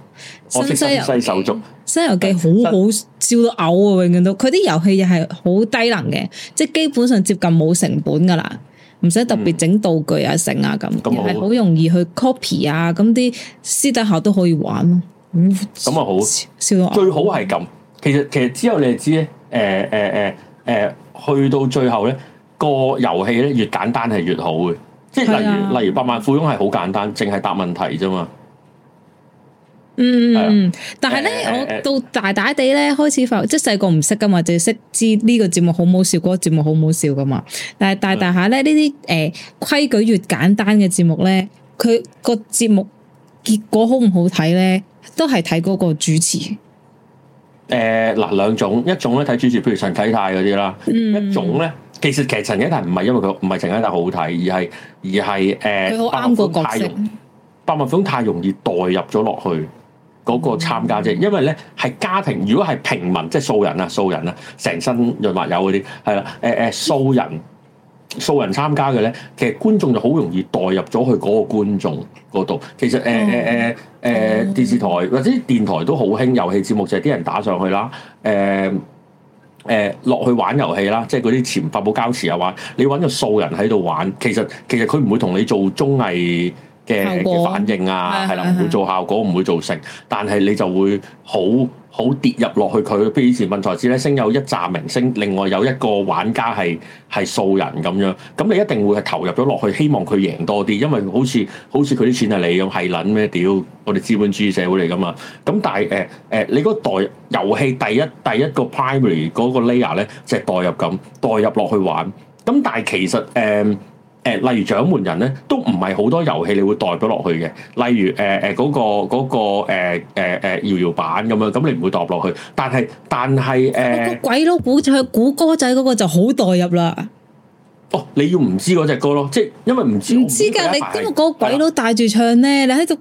新西遊西手足，西遊記好好笑到嘔啊！永遠都佢啲遊戲又係好低能嘅，即係基本上接近冇成本噶啦，唔使特別整道具啊、成啊咁，係好容易去 copy 啊。咁啲私底下都可以玩咯。咁咁啊，好笑笑最好係咁。嗯、其實其實之後你哋知咧，誒誒誒誒，去到最後咧個遊戲咧越簡單係越好嘅，即係例如的例如百萬富翁係好簡單，淨係答問題啫嘛。嗯嗯，的但係咧，欸、我到大大地咧、欸欸、開始發，即係細個唔識噶嘛，就識知呢個節目好冇笑，嗰、嗰個節目好冇笑噶嘛。但係大大，大大下咧呢啲誒規矩越簡單嘅節目咧，佢個節目結果好唔好睇咧？呢都係睇嗰個主持。誒、呃，嗱，兩種，一種咧睇主持，譬如陳啟泰嗰啲啦。嗯、一種咧，其實其實陳啟泰唔係因為佢唔係陳啟泰好睇，而係而係誒，佢好啱個角色。百萬富翁太容易代入咗落去嗰個參加者，嗯、因為咧係家庭，如果係平民，即係素人啊，素人啊，成身潤滑油嗰啲，係啦，誒誒，素人。素人參加嘅咧，其實觀眾就好容易代入咗去嗰個觀眾嗰度。其實誒誒誒誒電視台或者電台都好興遊戲節目，就係啲人打上去啦，誒誒落去玩遊戲啦，即係嗰啲潛伏、冇膠匙又玩。你搵個素人喺度玩，其實其實佢唔會同你做綜藝嘅的效果 反應啊，係啦的，唔的會做效果，唔是的 會做成，是的 但係你就會好好是的 跌入落去。佢譬如以前問財智咧，升有一紮明星，另外有一個玩家係係素人咁樣，咁你一定會係投入咗落去，希望佢贏多啲，因為好似好似佢啲錢係你咁係撚咩屌？我哋資本主義社會嚟㗎嘛？咁但係誒誒，你嗰代遊戲第一第一個 primary 嗰個 layer 咧，就係代入咁代入落去玩。咁但係其實誒。呃呃誒，例如獎門人咧，都唔係好多遊戲你會代咗落去嘅。例如誒誒嗰個嗰、嗰個誒誒誒搖搖板咁樣，咁你唔會代落去。但係但係誒，個、呃、鬼佬估，就仔、估歌仔嗰個就好代入啦。哦，你要唔知嗰隻歌咯，即係因為唔知唔記得㗎，因為嗰個鬼佬帶住唱咧，你喺度，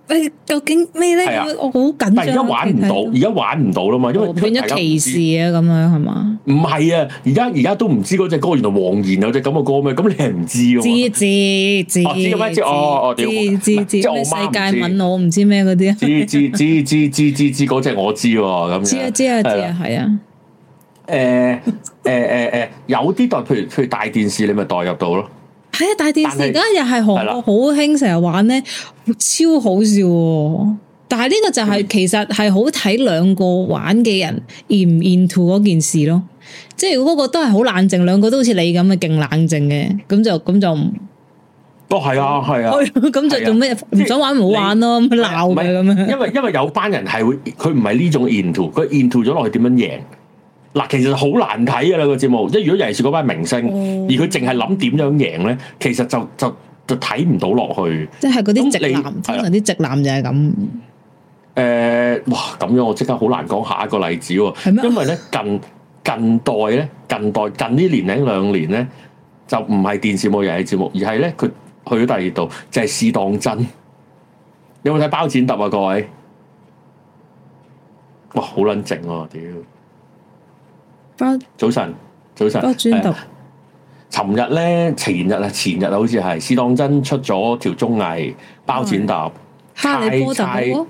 究竟咩咧？我好緊張。但而家玩唔到，而家玩唔到啦嘛，因為變咗歧視啊，咁樣係嘛？唔係啊，而家而家都唔知嗰隻歌原來黃言有隻咁嘅歌咩？咁你係唔知啊？知知知知知，知，即係世界問我唔知咩嗰啲。知知知知知知知嗰隻我知喎，咁。知啊知啊知啊係啊。誒誒誒誒，有啲代，譬如譬如大電視，你咪代入到咯。係啊，大電視而家又係韓國好興，成日玩咧，超好笑。但係呢個就係其實係好睇兩個玩嘅人 into 唔 into 嗰件事咯。即係如果個都係好冷靜，兩個都好似你咁嘅，勁冷靜嘅，咁就咁就。就哦，係啊，係啊，咁、 *laughs* 嗯嗯嗯、就做咩？唔想玩唔好的玩咯？鬧咪咁樣。你因為 *laughs* 因為有班人係會，佢唔係呢種 into，佢 into 咗落去點樣贏？嗱，其實好難睇㗎啦個節目，即係如果尤其是嗰班明星，哦、而佢淨係諗點樣贏咧，其實就就就睇唔到落去。即係嗰啲直男，你通常啲直男就係咁。誒、呃，哇！咁樣我即刻好難講下一個例子喎，嗎因為咧近近代咧近代近呢年零兩年咧，就唔係電視冇遊戲節目，而係咧佢去咗第二度，就係試當真。有冇睇包剪揼啊？各位，哇！好撚靜喎、啊，屌！早晨，早晨。包剪揼。尋日咧，前日啊，前日啊，好似係試當真出咗條綜藝包剪揼。差、啊、猜你波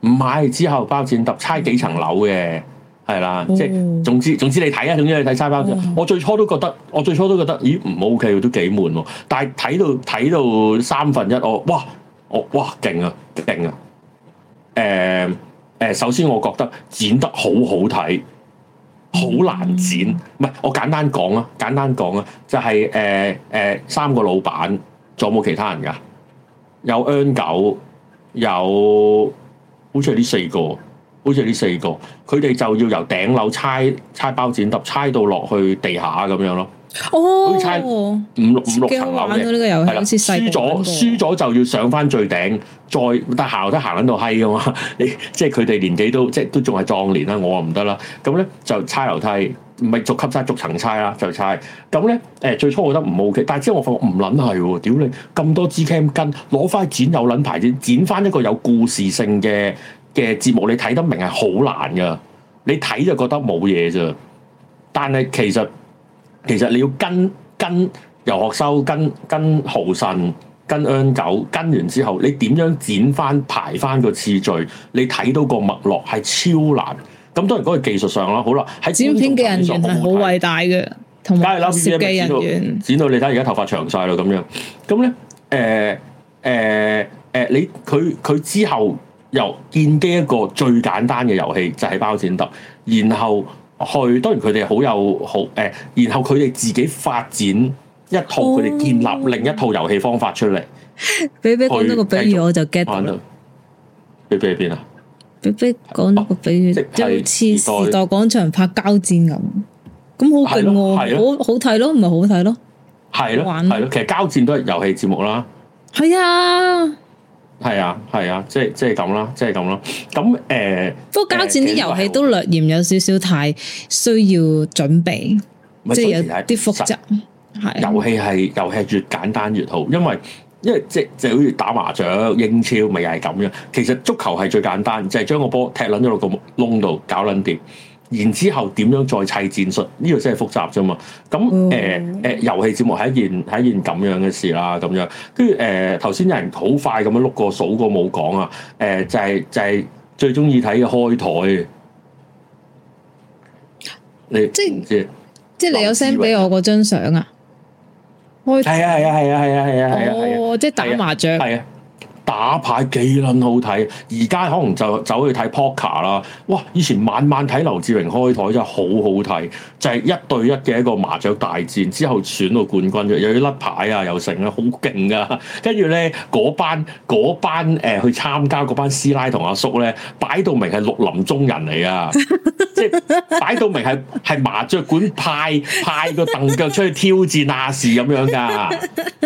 唔係，之後包剪揼差幾層樓嘅，係啦。哦、即係總之總之你睇啊，總之你睇差包咗。啊、我最初都覺得，我最初都覺得，咦唔 OK 都幾悶喎。但係睇到睇到，到，到三分一，我哇，我哇勁啊勁啊！誒誒、呃，首先我覺得剪得好好睇。好難剪，唔係，我簡單講啊，簡單講啊，就係誒誒，三個老闆，仲有冇其他人噶？有、e、n 九，有，好似係呢四個，好似係呢四個，佢哋就要由頂樓猜猜包剪揼，猜到落去地下咁樣咯。哦，五六好玩五六到層樓嘅，係啦，輸咗輸咗就要上翻最頂，再但係下頭都行緊喺度閪噶嘛，你即係佢哋年紀都即係都仲係壯年啦，我啊唔得啦，咁咧就差樓梯，唔係逐級差逐層差啦，就差。咁咧，誒，最初我覺得唔 OK，但係之後我發覺唔卵係喎，屌你咁多支 cam 跟，攞翻剪有卵排，剪，剪翻一個有故事性嘅嘅節目，你睇得明係好難噶，你睇就覺得冇嘢啫，但係其實。其實你要跟跟遊學修跟跟豪信跟 n 九跟完之後，你點樣剪翻排翻個次序？你睇到個脈絡係超難。咁當然嗰個技術上啦。好啦，係剪片嘅人員係好偉大嘅，同埋攝嘅人員剪到，剪到你睇，而家頭髮長晒啦咁樣。咁咧，誒誒誒，你佢佢之後又建基一個最簡單嘅遊戲就係、是、包剪揼，然後。去，當然佢哋好有好誒，然後佢哋自己發展一套佢哋、oh. 建立另一套遊戲方法出嚟。 *laughs* 比比講多個比喻我就 get 到啦。比比喺邊啊？比比講多個比喻，即係好似時代廣場拍交戰咁，咁、啊、好勁喎，好好睇咯，唔係好睇咯，係咯的，玩係咯，其實交戰都係遊戲節目啦。係啊。係啊，係啊，即係即係咁啦，即係咁啦。咁誒、啊，不過交戰啲遊戲都略嫌有少少太需要準備，即係有啲複雜。遊戲係遊戲，越簡單越好，因為因為即即係好似打麻將、英超，咪又係咁樣。其實足球係最簡單，就係、是、將個波踢撚咗落個窿度，搞撚掂。然之後點樣再砌戰術？呢個真係複雜啫嘛。咁誒誒，遊戲節目係一件係一件咁樣嘅事啦。咁樣跟住誒，頭先有人好快咁樣碌過數過冇講啊。誒就係就係最中意睇嘅開台。你即即即你有 send 俾我嗰張相啊？開台係啊係啊係啊係啊係啊！哦， *noise* 即打麻將係啊。打牌技能好睇，而家可能就走去睇 poker 啦。哇！以前晚晚睇劉志榮開台真係好好睇，就係、是、一對一嘅一個麻雀大戰，之後選到冠軍，又要甩牌啊，又成啊，好勁噶。跟住咧，班班誒、呃、去參加班師奶同阿叔咧，擺到明係綠林中人嚟啊！即係擺到明係係麻雀館派派個凳腳出去挑戰亞視咁樣噶，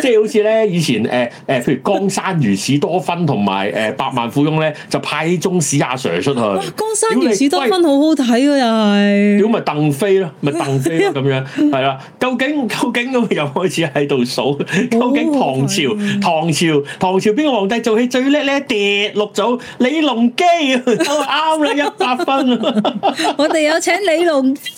即係好似咧以前誒誒、呃呃，譬如江山如此多。多分同埋誒，百萬富翁咧就派中史阿 Sir 出去。江山如此多分，好好睇噶又係。點咪鄧飛咯，咪鄧飛咯咁樣，係啦。究竟究竟我又開始喺度數，究竟唐朝唐朝唐朝邊個皇帝做起最叻咧？跌六組李隆基，都啱啦，一百分。我哋有請李隆基，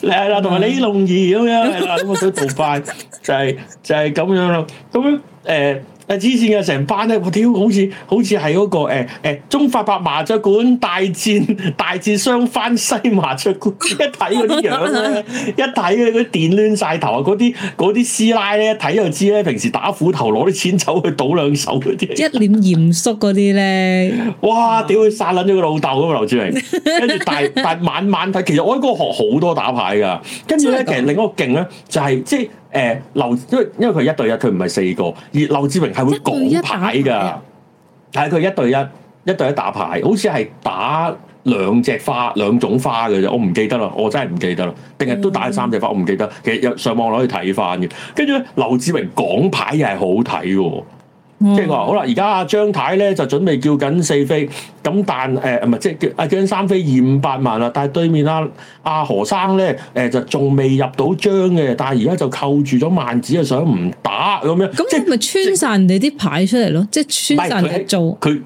係啦，同埋李隆儀咁樣，係啦。咁我想做快，就係就係咁樣咯。咁樣誒。誒，黐線嘅成班咧，我屌，好似好似係嗰個誒、欸、中發白麻雀館大戰大戰雙翻西麻雀館一 *laughs* 一，一睇嗰啲樣一睇嗰啲電攣晒頭啊！嗰啲啲師奶咧一睇就知咧，平時打斧頭攞啲錢走去賭兩手嗰啲，一臉嚴肅嗰啲咧，哇！屌佢殺撚咗個老竇啊！劉志明，跟住但但晚晚睇，其實我喺嗰度學好多打牌㗎，跟住咧其實另一個勁咧就係、是、即係。誒劉，因為因為佢一對一，佢唔係四個，而劉志榮係會講牌噶，一一牌，但係佢一對一，一對一打牌，好似係打兩隻花兩種花嘅啫，我唔記得啦，我真係唔記得啦，定係都打三隻花，我唔記得，其實有上網攞去睇翻嘅，跟住咧，劉志榮講牌又係好睇喎。嗯、即係話好啦，而家阿張太咧就準備叫緊四飛，咁但誒唔係即係叫阿叫緊三飛二五八萬啦。但係對面阿、啊、阿何生咧誒就仲未入到張嘅，但係而家就扣住咗萬子啊，想唔打咁樣。咁、嗯、即係咪即穿散你啲牌出嚟咯？即係穿散做佢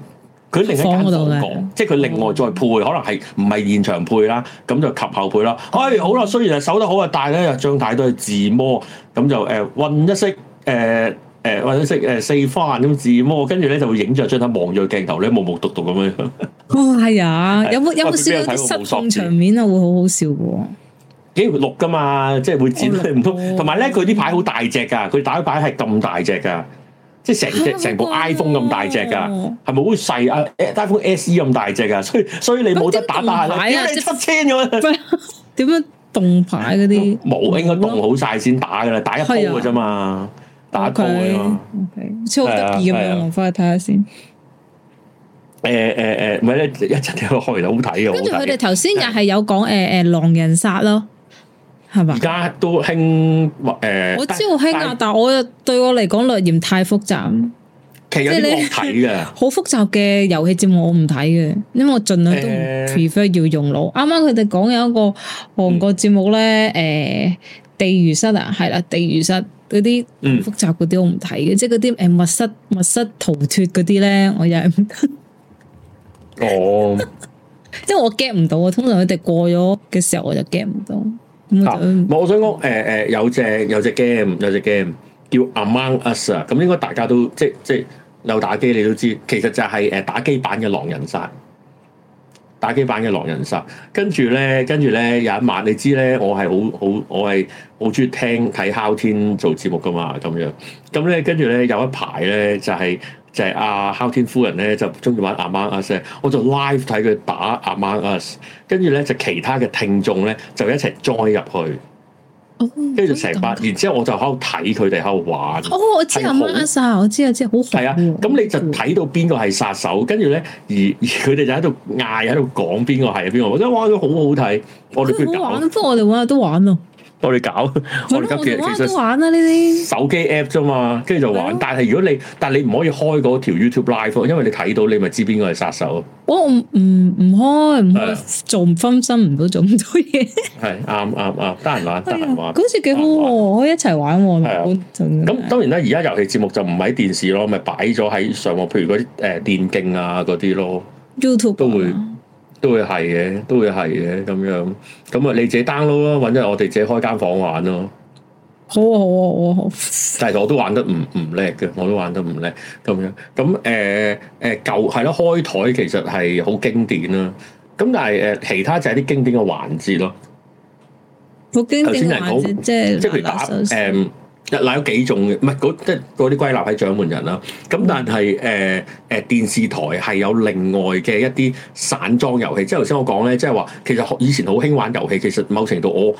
佢另一間房講，即係佢另外再配，可能係唔係現場配啦？咁就及後配啦。哎、欸，好啦，雖然係守得好啊，但係咧阿張太都係自摸，咁就誒混一色誒。誒，或者食誒四番咁自摸，跟住咧就會影住張頭望住鏡頭咧，木木獨獨咁樣。哇，係啊，有冇有冇試過啲失控場面啊？會好好笑噶。幾錄噶嘛，即係會剪唔通。同埋咧，佢啲牌好大隻噶，佢打牌係咁大隻噶，即係成隻成部 iPhone 咁大隻噶，係咪好細啊 iPhone SE 咁大隻啊！所以所以你冇得打大牌啊！你出千咗，點樣戙牌嗰啲？冇，應該戙好晒先打噶啦，打一鋪噶啫嘛。打佢咯，超得意咁樣，我翻去睇下先。誒誒誒，唔係咧，一集睇開完好睇嘅。跟住佢哋頭先又係有講誒誒《狼人殺》咯，係嘛？而家都興誒，我知道興啊，但係我對我嚟講，略嫌太複雜，其實你唔睇嘅。好複雜嘅遊戲節目，我唔睇嘅，因為我盡量都唔 prefer 要用腦。啱啱佢哋講有一個韓國節目咧，誒《地獄室》啊，係啦，《地獄室》。嗰啲複雜嗰啲我唔睇嘅。嗯、即係嗰啲誒密室密室逃脱嗰啲咧，我又唔得。 *laughs* 哦，即係 *laughs* 我 get 唔到啊！通常佢哋過咗嘅時候，我就 get 唔到。啊，就啊，我我想講誒誒，有隻有隻 game 有隻 game 叫 Among Us 啊，咁應該大家都即係即係有打機你都知，其實就係誒打機版嘅狼人殺。打機版嘅狼人殺，跟住咧，跟住咧有一晚，你知咧我係好好，我係好中意聽睇哮天做節目噶嘛，咁樣，咁咧跟住咧有一排咧就係、係、就係阿哮天夫人咧就中意玩 Among Us，我就 live 睇佢打 Among Us，跟住咧就其他嘅聽眾咧就一齊 join 入去。跟住就成班，覺然之後我就喺度睇佢哋喺度玩。哦，我知阿媽殺，我知啊，知好好。係啊，咁你就睇到邊個係殺手，跟住咧，而而佢哋就喺度嗌，喺度講邊個係邊個。我覺得哇，都好好睇。我哋玩，不過我哋往日都玩咯。幫你搞，我哋今期其實呢啲手機 app 啫嘛，跟住就玩。但係如果你，但係你唔可以開嗰條 YouTube live，因為你睇到你咪知邊個係殺手。我唔唔唔開，唔開做唔分身，唔到做唔到嘢。係啱啱啱，得閒玩得閒玩。嗰次幾好喎，可以一齊玩喎。咁當然啦，而家遊戲節目就唔喺電視咯，咪擺咗喺上網，譬如嗰啲誒電競啊嗰啲咯，YouTube 都會。都會係嘅，都會係嘅咁樣，咁啊你自己 download 咯，或者我哋自己開間房玩咯，啊。好啊好啊好啊好！但係我都玩得唔唔叻嘅，我都玩得唔叻咁樣。咁誒誒舊係咯，開台其實係、呃、好經典啦。咁但係誒其他就係啲經典嘅環節咯。好經典嘅好，即係即係譬如打誒。嗯有幾種嘅，唔係嗰即係啲歸納喺掌門人啦。咁但係誒誒電視台係有另外嘅一啲散裝遊戲。即係頭先我講咧，即係話其實以前好興玩遊戲。其實某程度我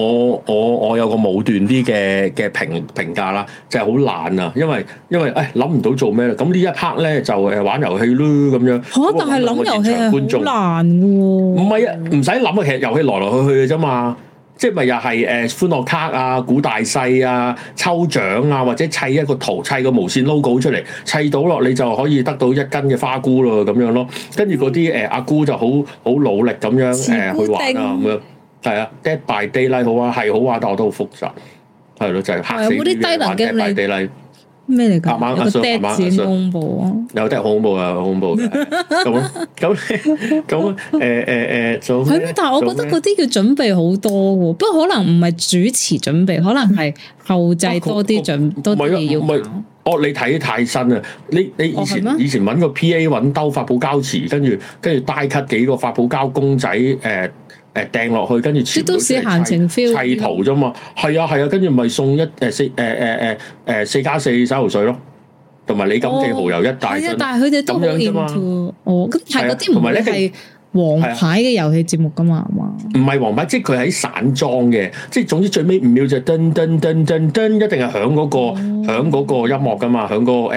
我我我有個武斷啲嘅嘅評評價啦，就係好爛啊！因為因為誒諗唔到做咩。咁呢一刻咧就誒、是、玩遊戲咯咁樣。嚇！但係諗遊戲係好難喎。唔係啊，唔使諗啊，其實遊戲來來來去去嘅啫嘛。即係咪又係誒歡樂卡啊、估大細啊、抽獎啊，或者砌一個圖、砌個無綫 logo 出嚟，砌到落你就可以得到一斤嘅花菇咯咁樣咯。跟住嗰啲誒阿姑就好好努力咁樣誒去玩啊咁樣。係啊，Dead by Daylight 好啊，係好啊，但我都好複雜，係咯、啊，就係、是、嚇死啲低能嘅你。咩嚟？咁剛個 d e a 恐怖啊！有得恐怖啊，恐怖！咁咁咁誒誒誒，咁、嗯嗯、但係我覺得嗰啲叫準備好多喎，不過可能唔係主持準備，可能係後製多啲準備、啊、多啲嘢、啊、要。哦、啊，你睇太新啊。你你，你以前、哦、以前揾個 PA 揾兜發泡膠匙，跟住跟住帶咳幾個發泡膠公仔誒。呃誒掟落去，跟住全部砌砌圖啫嘛，係啊係啊，跟住咪送一誒四誒誒誒誒四加四洗頭水咯，同埋你咁記蠔油一大樽咁、哦啊、樣啫嘛，哦，係嗰啲唔係。皇牌嘅遊戲節目噶嘛，係嘛？唔係皇牌，即係佢喺散裝嘅，即係總之最尾五秒，就噔噔噔噔噔，一定係響嗰個響嗰個音樂噶嘛，響嗰個誒誒誒誒誒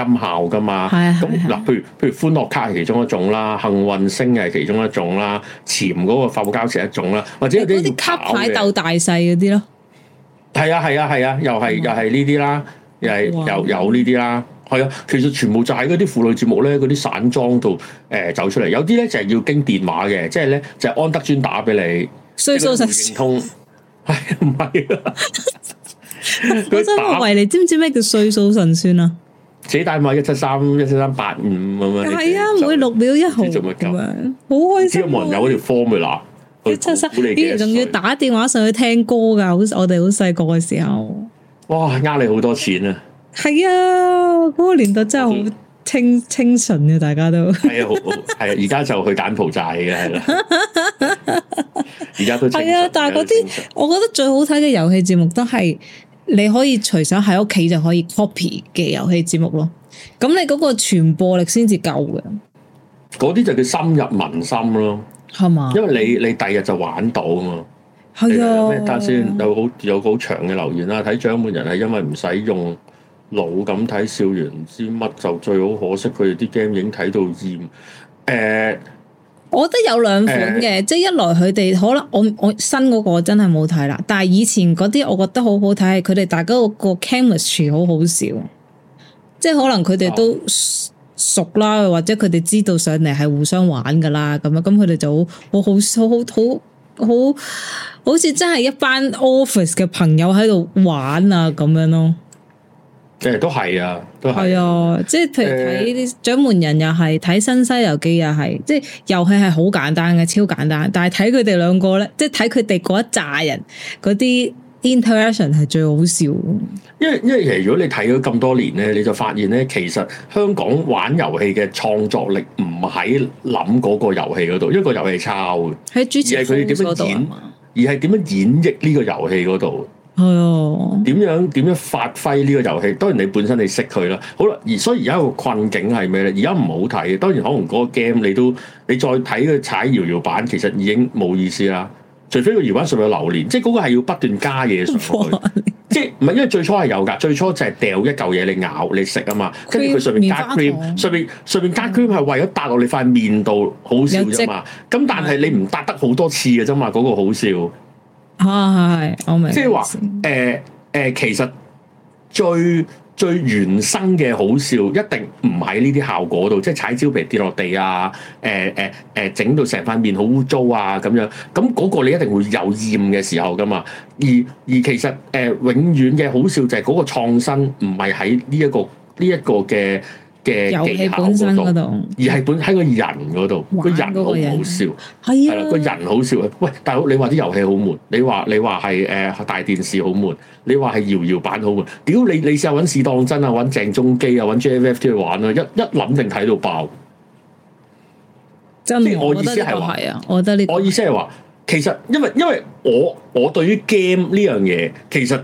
誒音效噶嘛。係啊，咁嗱，譬如譬如歡樂卡係其中一種啦，幸運星係其中一種啦，潛嗰個浮膠持一種啦，或者嗰啲卡牌鬥大細嗰啲咯。係啊係啊係啊，又係又係呢啲啦，又係又有呢啲啦。係啊，其實全部就喺嗰啲婦女節目咧，嗰啲散裝度誒走出嚟，有啲咧就係、是、要經電話嘅，即係咧就是、安德尊打俾你。歲數神算，係唔係啊？ *laughs* 打我真我係，你知唔知咩叫歲數神算啊？寫大碼一七三一七三八五，咁係啊，每六秒一毫。咁樣啊？好開心。要望人有條 form 咪啦？一七三，以前仲要打電話上去聽歌噶，好我哋好細個嘅時候。哇！呃你好多錢啊！係啊，嗰、那個年代真係好清 *laughs* 清純嘅，大家都係啊，係啊， *laughs* *laughs* 而家就去柬埔寨嘅係啦，而家 *laughs* 都係啊，但係嗰啲，我覺得最好睇嘅遊戲節目都係你可以隨手喺屋企就可以 copy 嘅遊戲節目咯。咁你嗰個傳播力先至夠嘅，嗰啲就叫深入民心咯，係嘛吧？因為你你第二日就玩到啊，嘛。係啊。咩先有好有好長嘅留言啦，睇獎門人係因為唔使用，用。老咁睇，笑完唔知乜就最好，可惜佢哋啲 game 已經睇到厭。誒、欸，我覺得有兩款嘅，欸、即係一來佢哋可能我我新嗰個真係冇睇啦，但係以前嗰啲我覺得好好睇，係佢哋大家個 chemistry 好好笑，即係可能佢哋都熟啦，哦、或者佢哋知道上嚟係互相玩噶啦，咁樣咁佢哋就好好好好好好好似真係一班 office 嘅朋友喺度玩啊咁樣咯。其實都係啊，都係、啊。係啊，即係譬如睇啲《獎門人》又係、呃，睇《新西遊記》又係，即係遊戲係好簡單嘅，超簡單。但係睇佢哋兩個咧，即係睇佢哋嗰一扎人嗰啲 interaction 係最好笑因，因為因為其實如果你睇咗咁多年咧，你就發現咧，其實香港玩遊戲嘅創作力唔喺諗嗰個遊戲嗰度，一個遊戲抄嘅，係主持而係佢點樣演，而係點樣演繹呢個遊戲嗰度。係啊，點樣點樣發揮呢個遊戲？當然你本身你識佢啦。好啦，而所以而家個困境係咩咧？而家唔好睇，當然可能嗰個 game 你都你再睇佢踩搖搖板，其實已經冇意思啦。除非個搖板上面有榴槤，即係嗰個係要不斷加嘢上去。 *laughs* 即係唔係因為最初係有噶，最初就係掉一嚿嘢你咬你食啊嘛。跟住佢上面加 cream，上面上面加 cream 係為咗搭落你塊面度好笑啫嘛。咁但係你唔搭得好多次嘅啫嘛，嗰、嗰個好笑。啊，係，我 *noise* 明。即係話，誒、呃、誒、呃，其實最最原生嘅好笑，一定唔喺呢啲效果度，即係踩蕉皮跌落地啊，誒誒誒，呃、到整到成塊面好污糟啊，咁樣，咁嗰個你一定會有厭嘅時候㗎嘛。而而其實，誒、呃，永遠嘅好笑就係嗰個創新、這個，唔係喺呢一個呢一個嘅。嘅遊戲本身嗰度，而係本喺個人嗰度，個人好唔好笑？係是啊，個人好笑啊！喂，大佬，你話啲遊戲好悶，你話你話係誒大電視好悶，你話係搖搖板好悶，屌你你試下揾事當真啊，揾鄭中基啊，揾 J F F 去玩啊，一一諗定睇到爆，真。即係我意思係話、啊，我覺得呢，我意思係話，其實因為因為我我對於 game 呢樣嘢，其實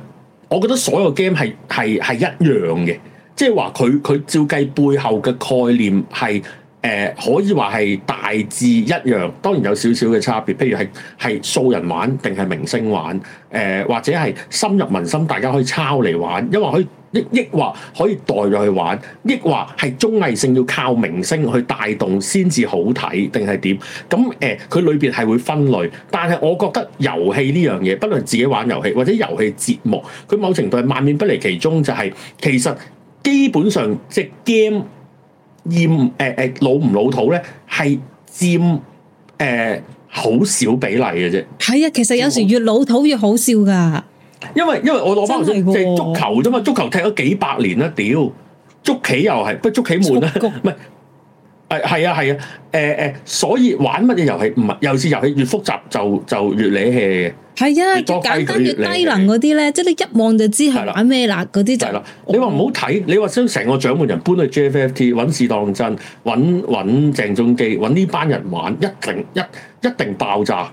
我覺得所有 game 係係係一樣嘅。即係話佢佢照計背後嘅概念係誒、呃、可以話係大致一樣，當然有少少嘅差別。譬如係係素人玩定係明星玩，誒、呃、或者係深入民心，大家可以抄嚟玩，因為可以抑或可以代入去玩，抑或係綜藝性要靠明星去帶動先至好睇定係點。咁誒佢裏邊係會分類，但係我覺得遊戲呢樣嘢，不論自己玩遊戲或者遊戲節目，佢某程度係萬變不離其宗，就係、是、其實。基本上，隻 game 厭，誒誒老唔老土咧，係佔誒好、呃、少比例嘅啫。係啊，其實有時越老土越好笑噶。因為因為我攞翻頭，即係足球啫嘛，足球踢咗幾百年啦，屌捉棋又係局 *laughs* 不捉棋悶啦，唔係。誒係啊，係啊，誒誒、啊啊啊呃，所以玩乜嘢遊戲唔係遊戲，是遊戲越複雜就就越理氣嘅，係啊，越，越簡單越低能嗰啲咧，即係你一望就知係玩咩啦，嗰啲就係啦、啊哦。你話唔好睇，你話將成個獎門人搬去 JFFT，搵事當真，搵搵鄭中基搵呢班人玩，一定一一定爆炸。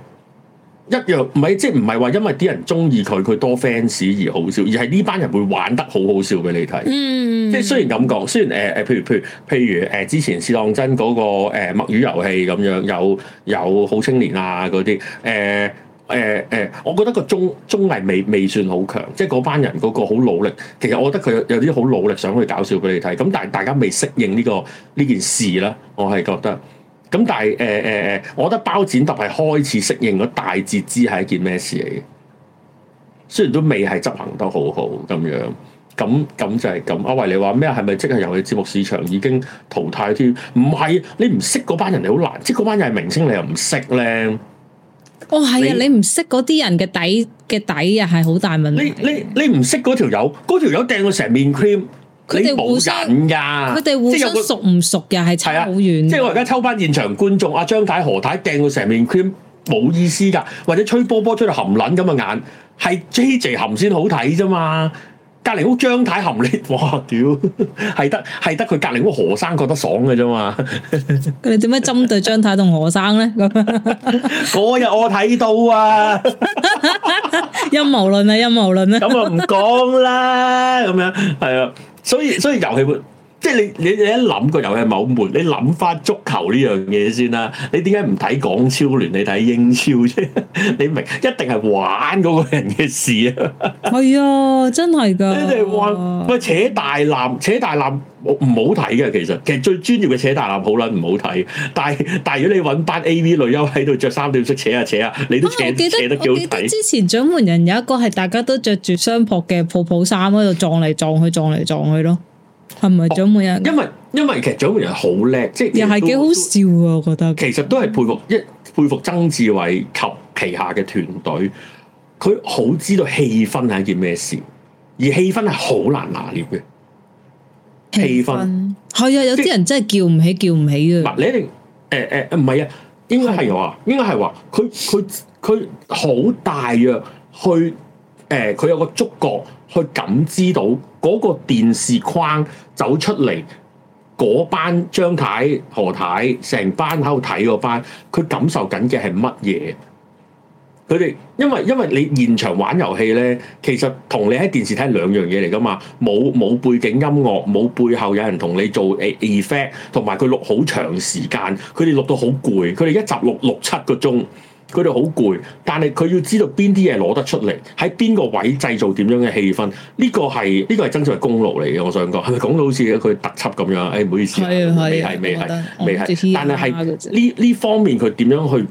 一樣唔係，即係唔係話因為啲人中意佢佢多 fans 而好笑，而係呢班人會玩得好好笑俾你睇。嗯、即係雖然咁講，雖然誒誒，譬如譬如譬如誒，之前是當真嗰、嗰個墨魚遊戲咁樣有有好青年啊嗰啲誒誒誒，我覺得個綜綜藝未未算好強，即係嗰班人嗰個好努力。其實我覺得佢有啲好努力想去搞笑俾你睇，咁但係大家未適應呢、呢個呢件事啦，我係覺得。咁但係誒誒誒，我覺得包剪揼係開始適應咗大節肢係一件咩事嚟？雖然都未係執行得好好咁樣，咁咁就係咁。阿、啊、維，你話咩？係咪即係遊戲節目市場已經淘汰啲？唔係你唔識嗰班人你好難，即係嗰班人係明星，你又唔識咧？哦，係啊，你唔識嗰啲人嘅底嘅底啊，係好大問題你。你你你唔識嗰條友，嗰條友掟到成面 cream。佢哋冇人㗎，互相，佢哋互相熟唔熟嘅係差好遠，啊。即係我而家抽翻現場觀眾，阿張太何太掟佢成面 cream，冇意思噶。或者吹波波吹到含撚咁嘅眼，係 J J 含先好睇啫嘛。隔籬屋張太含你，哇屌，係，啊、得係得佢隔籬屋何生覺得爽嘅啫嘛。佢哋點解針對張太同何生咧？咁嗰日我睇到啊，陰謀論啊，陰謀論啊。咁我唔講啦，咁樣係啊。所以所以遊戲，會、so, so。即係你，你你一諗個遊戲冇門，你諗翻足球呢樣嘢先啦。你點解唔睇港超聯，你睇英超啫？ *laughs* 你明一定係玩嗰個人嘅事啊！係 *laughs* 啊，真係噶，你哋話喂扯大纜，扯大纜唔好睇嘅。其實其實最專業嘅扯大纜好捻唔好睇，但係但係如果你揾班 A V 女優喺度着三點式扯下、啊、扯啊，你都扯、啊、得幾好睇。之前掌門人有一個係大家都着住雙撲嘅泡泡衫喺度撞嚟撞去，撞嚟撞去咯。撞係咪獎門人，哦？因為因為其實獎門人好叻，即係又係幾好笑嘅，我覺得。其實都係佩服、嗯、一佩服曾志偉及旗下嘅團隊，佢好知道氣氛係一件咩事，而氣氛係好難拿捏嘅。氣氛係氛啊，有啲人真係叫唔起，即叫唔起嘅。唔，你一定誒誒唔係啊，應該係話，應該係話，佢佢佢好大約去誒，佢、呃、有個觸覺去感知到。嗰個電視框走出嚟，嗰班張太何太成班喺度睇嗰班，佢感受緊嘅係乜嘢？佢哋，因為因為你現場玩遊戲呢，其實同你喺電視睇兩樣嘢嚟噶嘛。冇冇背景音樂，冇背後有人同你做 effect，同埋佢錄好長時間，佢哋錄到好攰，佢哋一集錄六七個鐘。佢哋好攰，但係佢要知道邊啲嘢攞得出嚟，喺邊個位製造點樣嘅氣氛？呢、這個係呢、這個係真正嘅功勞嚟嘅。我想講，係咪講到好似佢特輯咁樣？誒、哎，唔好意思，係係係係未係，但係係呢呢方面佢點樣去、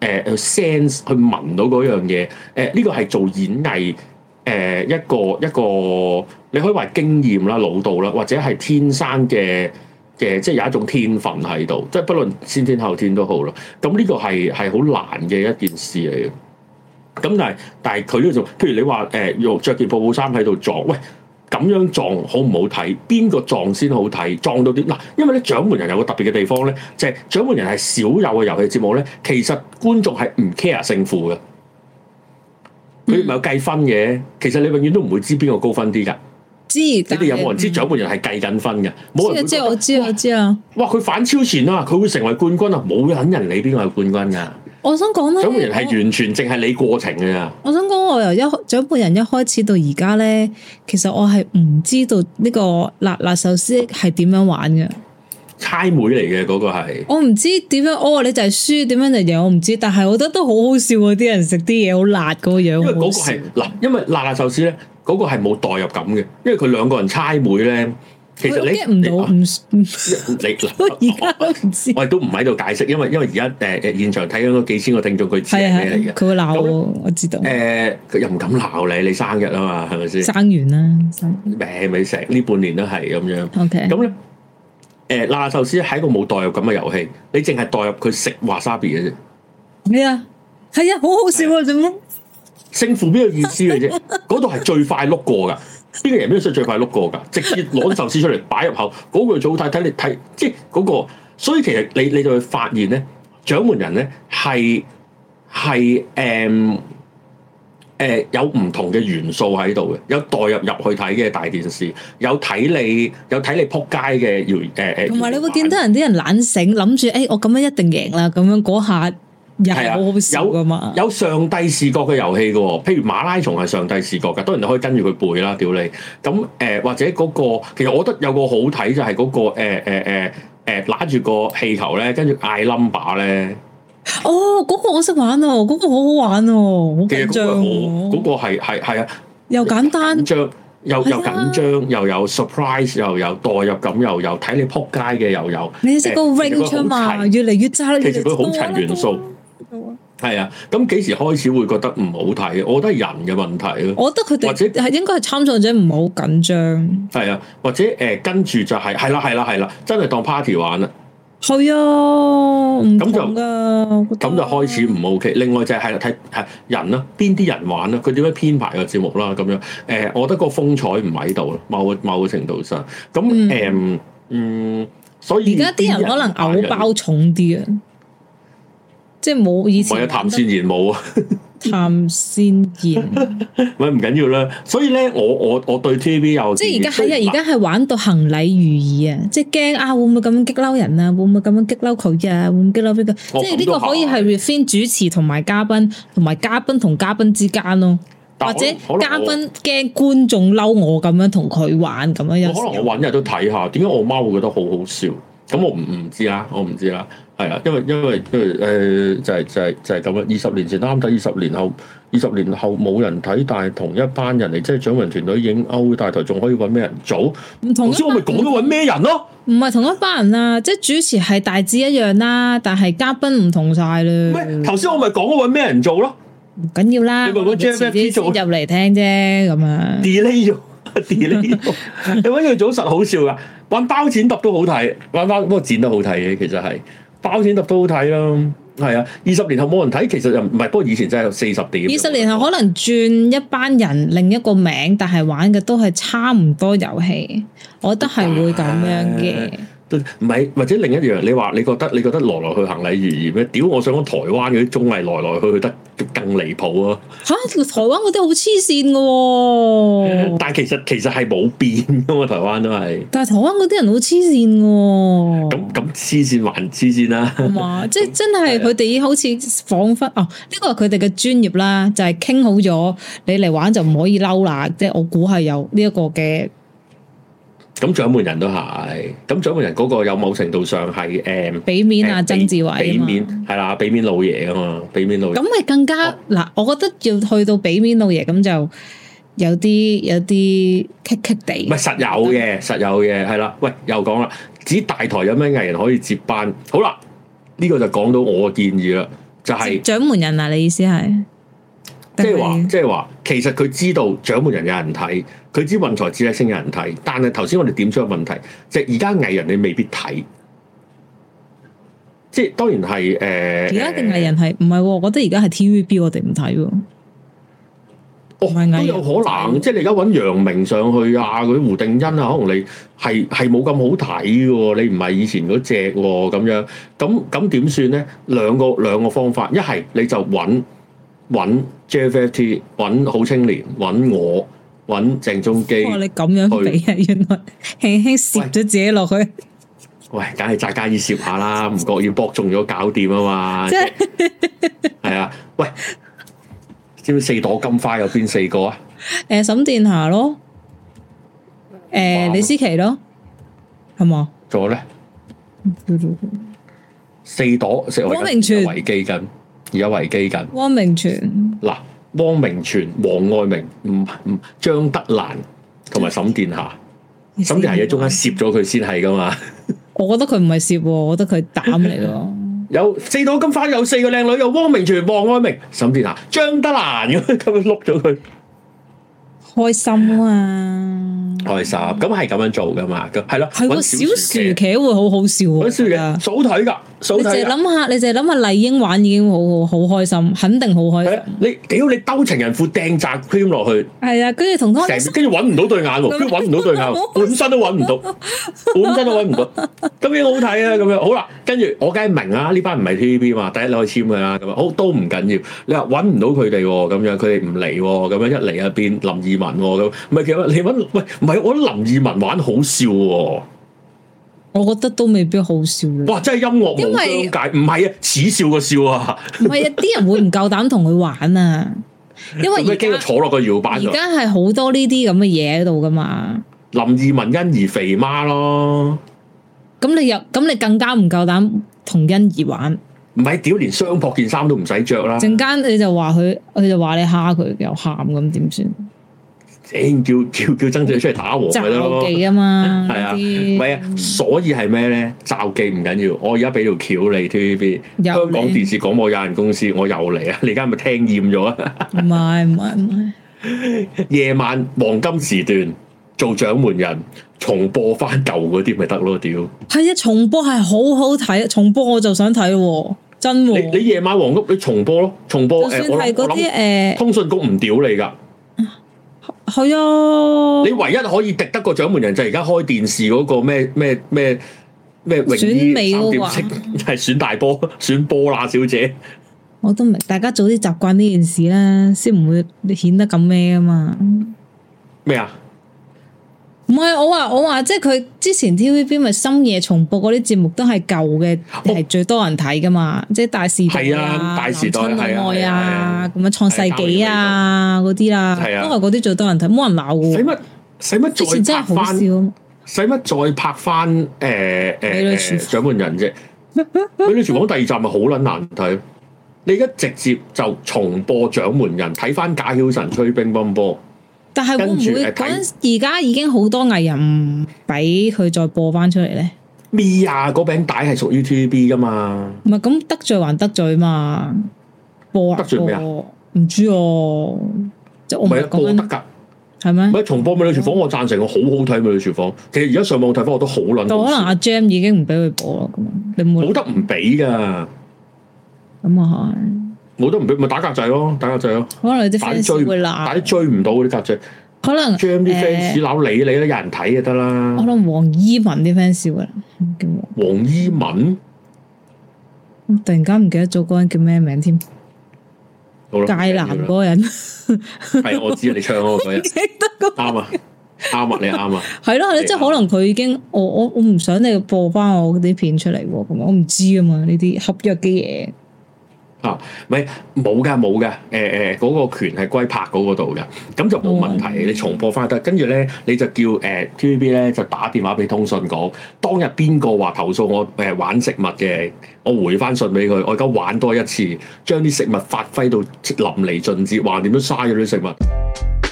呃、去誒 sense 去聞到嗰樣嘢？誒、呃、呢、這個係做演藝誒、呃、一個一個，一個，你可以話經驗啦、老道啦，或者係天生嘅。嘅即係有一種天分喺度，即係不論先天後天都好咯。咁呢個係係好難嘅一件事嚟嘅。咁但係但係佢呢種，譬如你話誒，用、呃、著件泡泡衫喺度撞，喂咁樣撞好唔好睇？邊個撞先好睇？撞到啲嗱，因為咧掌門人有個特別嘅地方咧，就係、係、掌門人係少有嘅遊戲節目咧，其實觀眾係唔 care 勝負嘅。佢咪有計分嘅，嗯、其實你永遠都唔會知邊個高分啲㗎。知你哋有冇人知獎門人係計緊分嘅？冇人知，我知，我知啊！哇，佢反超前啊！佢會成為冠軍啊！冇人理邊個係冠軍噶。我想講咧，獎門人係完全淨係理過程嘅。我想講我由一獎門人一開始到而家咧，其實我係唔知道呢個辣辣壽司係點樣玩嘅。猜妹嚟嘅嗰個係我唔知點樣，我話你就係輸，點樣就贏，我唔知。但係我覺得都好好笑啊！啲人食啲嘢好辣嗰個樣，因為嗰個係辣， *laughs* 因為辣辣壽司咧。嗰個係冇代入感嘅，因為佢兩個人猜謎咧，其實你唔唔唔，你嗱，而家都唔知，我哋都唔喺度解釋，因為因為而家誒誒現場睇緊嗰幾千個聽眾，佢知係咩嚟嘅，佢會鬧我，我知道。誒，佢又唔敢鬧你，你生日啊嘛，係咪先？生完啦，生命咪成呢半年都係咁樣。OK，咁咧誒，拉拉壽司係一個冇代入感嘅遊戲，你淨係代入佢食 wasabi 嘅啫。咩啊？係啊，好好笑喎，點樣？勝負邊個意思嘅啫？嗰度係最快碌過噶，邊個人邊出最快碌過噶？直接攞啲壽司出嚟擺入口，嗰樣最好睇。睇你睇，即係嗰個。所以其實你你就會發現咧，掌門人咧係係誒誒有唔同嘅元素喺度嘅，有代入入去睇嘅大電視，有睇你有睇你扑街嘅，要誒誒。同埋你會見到人啲人懶醒，諗住誒，我咁樣一定贏啦，咁樣嗰下。係啊，有噶嘛？有上帝視覺嘅遊戲噶，譬如馬拉松係上帝視覺噶，當然你可以跟住佢背啦，屌你咁誒，或者嗰個其實我覺得有個好睇就係嗰個誒誒誒誒揦住個氣球咧，跟住嗌 number 咧。哦，嗰個我識玩啊，嗰個好好玩啊，好緊張啊！嗰個係係係啊，又簡單，緊張又又緊張，又有 surprise，又有代入感，又有睇你仆街嘅，又有你識嗰個 ring 嘛？越嚟越揸，其實佢好齊元素。係 *music* 啊，咁幾時開始會覺得唔好睇？我覺得係人嘅問題咯，我覺得佢哋或者係應該係參賽者唔好緊張。係啊，或者誒，跟住就係係啦，係啦，係啦，真係當 party 玩啦。係啊，唔同噶，咁就開始唔 ok。另外就係睇係人啦，邊啲人玩啦，佢點樣編排個節目啦，咁樣。誒、呃，我覺得個風采唔喺度咯，某個某個程度上。咁誒、嗯嗯，嗯，所以而家啲人可能偶包重啲啊。即係冇以前，唔係啊！譚先言冇啊！譚先言，喂，唔緊要啦。所以咧，我我我對 TV 有即係而家喺而家係玩到行禮如儀啊即！即係驚啊，會唔會咁樣激嬲人啊？會唔會咁樣激嬲佢啊？會唔激嬲邊個、哦、即係呢個可以係 refine 主持同埋嘉賓，同埋嘉賓同嘉賓之間咯。我或者嘉賓驚觀眾嬲我咁樣同佢玩咁樣。可能我揾日都睇下，點解我媽會覺得好好笑？咁我唔唔知啦，我唔知啦。係啦，因為因為誒，就係、是、就係就係咁啦。二十年前啱睇，二十年後二十年後冇人睇，但係同一班人嚟，即係獎雲團隊影歐，大台，仲可以搵咩人做？唔同頭先我咪講咗搵咩人咯？唔係同一班人啦、啊，即係主持係大致一樣、啊、係啦，但係嘉賓唔同晒啦。喂我，係頭先我咪講咗搵咩人做咯？唔緊要啦，你搵個 j m 做入嚟聽啫，咁啊 delay 咗，delay 咗，你搵佢做實好笑噶，搵包剪揼都好睇，搵包不過剪都好睇嘅，其實係。包剪揼都好睇啦，係啊！二十年後冇人睇，其實又唔係，不過以前真係有四十年。二十年後可能轉一班人，另一個名，但係玩嘅都係差唔多遊戲，我覺得係會咁樣嘅。唔係，或者另一樣，你話你覺得你覺得來來去行禮如儀咩？屌！我想講台灣嗰啲綜藝來來去去得更離譜啊！嚇，台灣嗰啲好黐線㗎喎，但係其實其實係冇變㗎喎，台灣都係。但係台灣嗰啲人、哦、好黐線喎，咁咁黐線還黐線啦。係嘛？即係真係佢哋好似彷彿、嗯、哦，呢、哦呢個係佢哋嘅專業啦，就係、係、傾好咗，你嚟玩就唔可以嬲啦。即係我估係有呢一個嘅。咁獎門人都係，咁獎門人嗰個有某程度上係誒，俾面啊，嗯、曾志偉，俾面係啦，俾嘛面老爺啊嘛，俾面老爺。咁咪更加嗱、哦，我覺得要去到俾面老爺，咁就有啲有啲棘棘地。唔係實有嘅，實有嘅係啦。喂，又講啦，至於大台有咩藝人可以接班？好啦，呢、這個就講到我嘅建議啦，就係、是、獎門人啊，你意思係？嗯即係話，即係話，其實佢知道獎門人有人睇，佢知運財智叻星有人睇，但係頭先我哋點出個問題，就而家藝人你未必睇，即係當然係誒而家定藝人係唔係？我覺得而家係 T V B，我哋唔睇。哦，都有可能，即係你而家揾楊明上去啊，嗰啲胡定欣啊，可能你係係冇咁好睇噶。你唔係以前嗰隻咁樣咁咁點算咧？兩個兩個方法，一係你就揾揾。JFT 揾好青年，揾我，揾鄭中基。哦、你咁樣俾啊，原來輕輕攝咗自己落去。喂，梗係扎嘉怡攝下啦，唔覺意博中咗，搞掂啊嘛。即係是係 *laughs* 啊，喂，知唔知四朵金花有邊四個啊？誒、欸，沈殿霞咯，誒、欸，啊、李思琪咯，係嘛？仲有咧？ *laughs* 四朵石偉明、全維基根。啊而家危機緊。汪明荃嗱，汪明荃、王愛明、唔唔、張德蘭同埋沈殿霞， *music* 沈殿霞一中間攝咗佢先係噶嘛？我覺得佢唔係攝，我覺得佢膽嚟咯。有四朵金花，有四個靚女，有汪明荃、王愛明、沈殿霞、張德蘭咁 *laughs* 樣碌咗佢。開心啊！開心，咁係咁樣做噶嘛？咁係咯，搵小薯茄會好好笑，好小薯早睇噶，數睇。你淨係諗下，你淨係諗下麗英玩已經好好開心，肯定好開心。你屌你兜情人褲掟扎 cream 落去，係啊，跟住同湯，跟住搵唔到對眼喎，跟住搵唔到對眼，本身都搵唔到，本身都搵唔到，咁樣好睇啊！咁樣好啦，跟住我梗係明啦，呢班唔係 TVB 嘛，第一你可以簽噶啦，咁樣，好都唔緊要。你話搵唔到佢哋咁樣，佢哋唔嚟咁樣，一嚟一變林二唔係其實，你搵喂唔係我林二汶玩好笑喎，啊，我覺得都未必好笑。哇！真係音樂無疆界，唔係啊，恥笑個笑啊！唔係啊，啲人會唔夠膽同佢玩啊？因為而家坐落個搖板，而家係好多呢啲咁嘅嘢喺度噶嘛。林二汶欣宜肥媽咯，咁你又咁你更加唔夠膽同欣宜玩？唔係屌，連雙薄件衫都唔使着啦！陣間你就話佢，佢就話你蝦佢又喊咁點算？驚叫叫叫曾俊出嚟打和咪得咯！詐記啊嘛，係 *laughs* 啊，咩些啊？所以係咩咧？詐記唔緊要，我而家俾條橋你，你，TVB 香港電視廣播有限公司，我又嚟啊！你而家係咪聽厭咗啊？唔係唔係唔係， *laughs* 夜晚黃金時段做獎門人，重播翻舊嗰啲咪得咯？屌，係啊！重播係好好睇，啊。重播我就想睇咯，啊，真喎，哦！你夜晚黃屋你重播咯，重播就算係嗰啲誒，通訊局唔屌你噶。 *laughs* 係啊！你唯一可以敵得過獎門人就係而家開電視嗰個咩咩咩咩泳衣，三點式，選美即係， *laughs* 選大波選波啦小姐。我都唔明，大家早啲習慣呢件事啦，先唔會顯得咁咩啊嘛。咩啊？唔係我話我話，即係佢之前 TVB 咪深夜重播嗰啲節目都係舊嘅，係最多人睇噶嘛？即係大時代，大時代，《男親女愛》啊，咁樣《創世紀》啊嗰啲啦，都係嗰啲最多人睇，冇人鬧。使乜？使乜？之前真係好笑！使乜再拍翻？誒誒誒，《獎門人》啫，《美女廚房》第二集咪好撚難睇。你而家直接就重播《獎門人》，睇翻賈曉晨推乒乓波。但係會唔會而家已經好多藝人唔俾佢再播翻出嚟咧？咩啊？嗰餅帶係屬於 TVB 噶嘛？唔係咁得罪還得罪嘛？播、啊、播得罪咩啊？唔知哦，即係我唔係啊播得噶，係咩？重播美女廚房？我贊成，我好好睇美女廚房。嗯、其實而家上網睇翻，我都卵好卵。可能阿 Gem 已經唔俾佢播啦，咁你冇冇得唔俾噶？咁啊？嗯嗯嗯冇都唔俾，咪打格仔咯，打格仔咯。可能啲粉追唔到，打啲追唔到嗰啲格仔。可能將啲 fans 扭理你都有人睇就得啦。可能黃伊文啲 fans 嚟噶啦，叫黃黃伊文突然間唔記得咗嗰個人叫咩名添？好啦，芥男嗰個人係我知你唱嗰個，人。得啱啊，啱啊，你啱啊。係咯係咯，即係可能佢已經，我我我唔想你播翻我嗰啲片出嚟喎。咁我唔知啊嘛，呢啲合約嘅嘢。啊，咪冇噶冇噶，誒誒嗰個權係歸拍嗰度嘅，咁就冇問題。嗯、你重播翻得，跟住咧你就叫誒、呃、TVB 咧就打電話俾通訊講，當日邊個話投訴我誒、呃、玩食物嘅，我回翻信俾佢，我而家玩多一次，將啲食物發揮到淋漓盡致，話點樣嘥咗啲食物。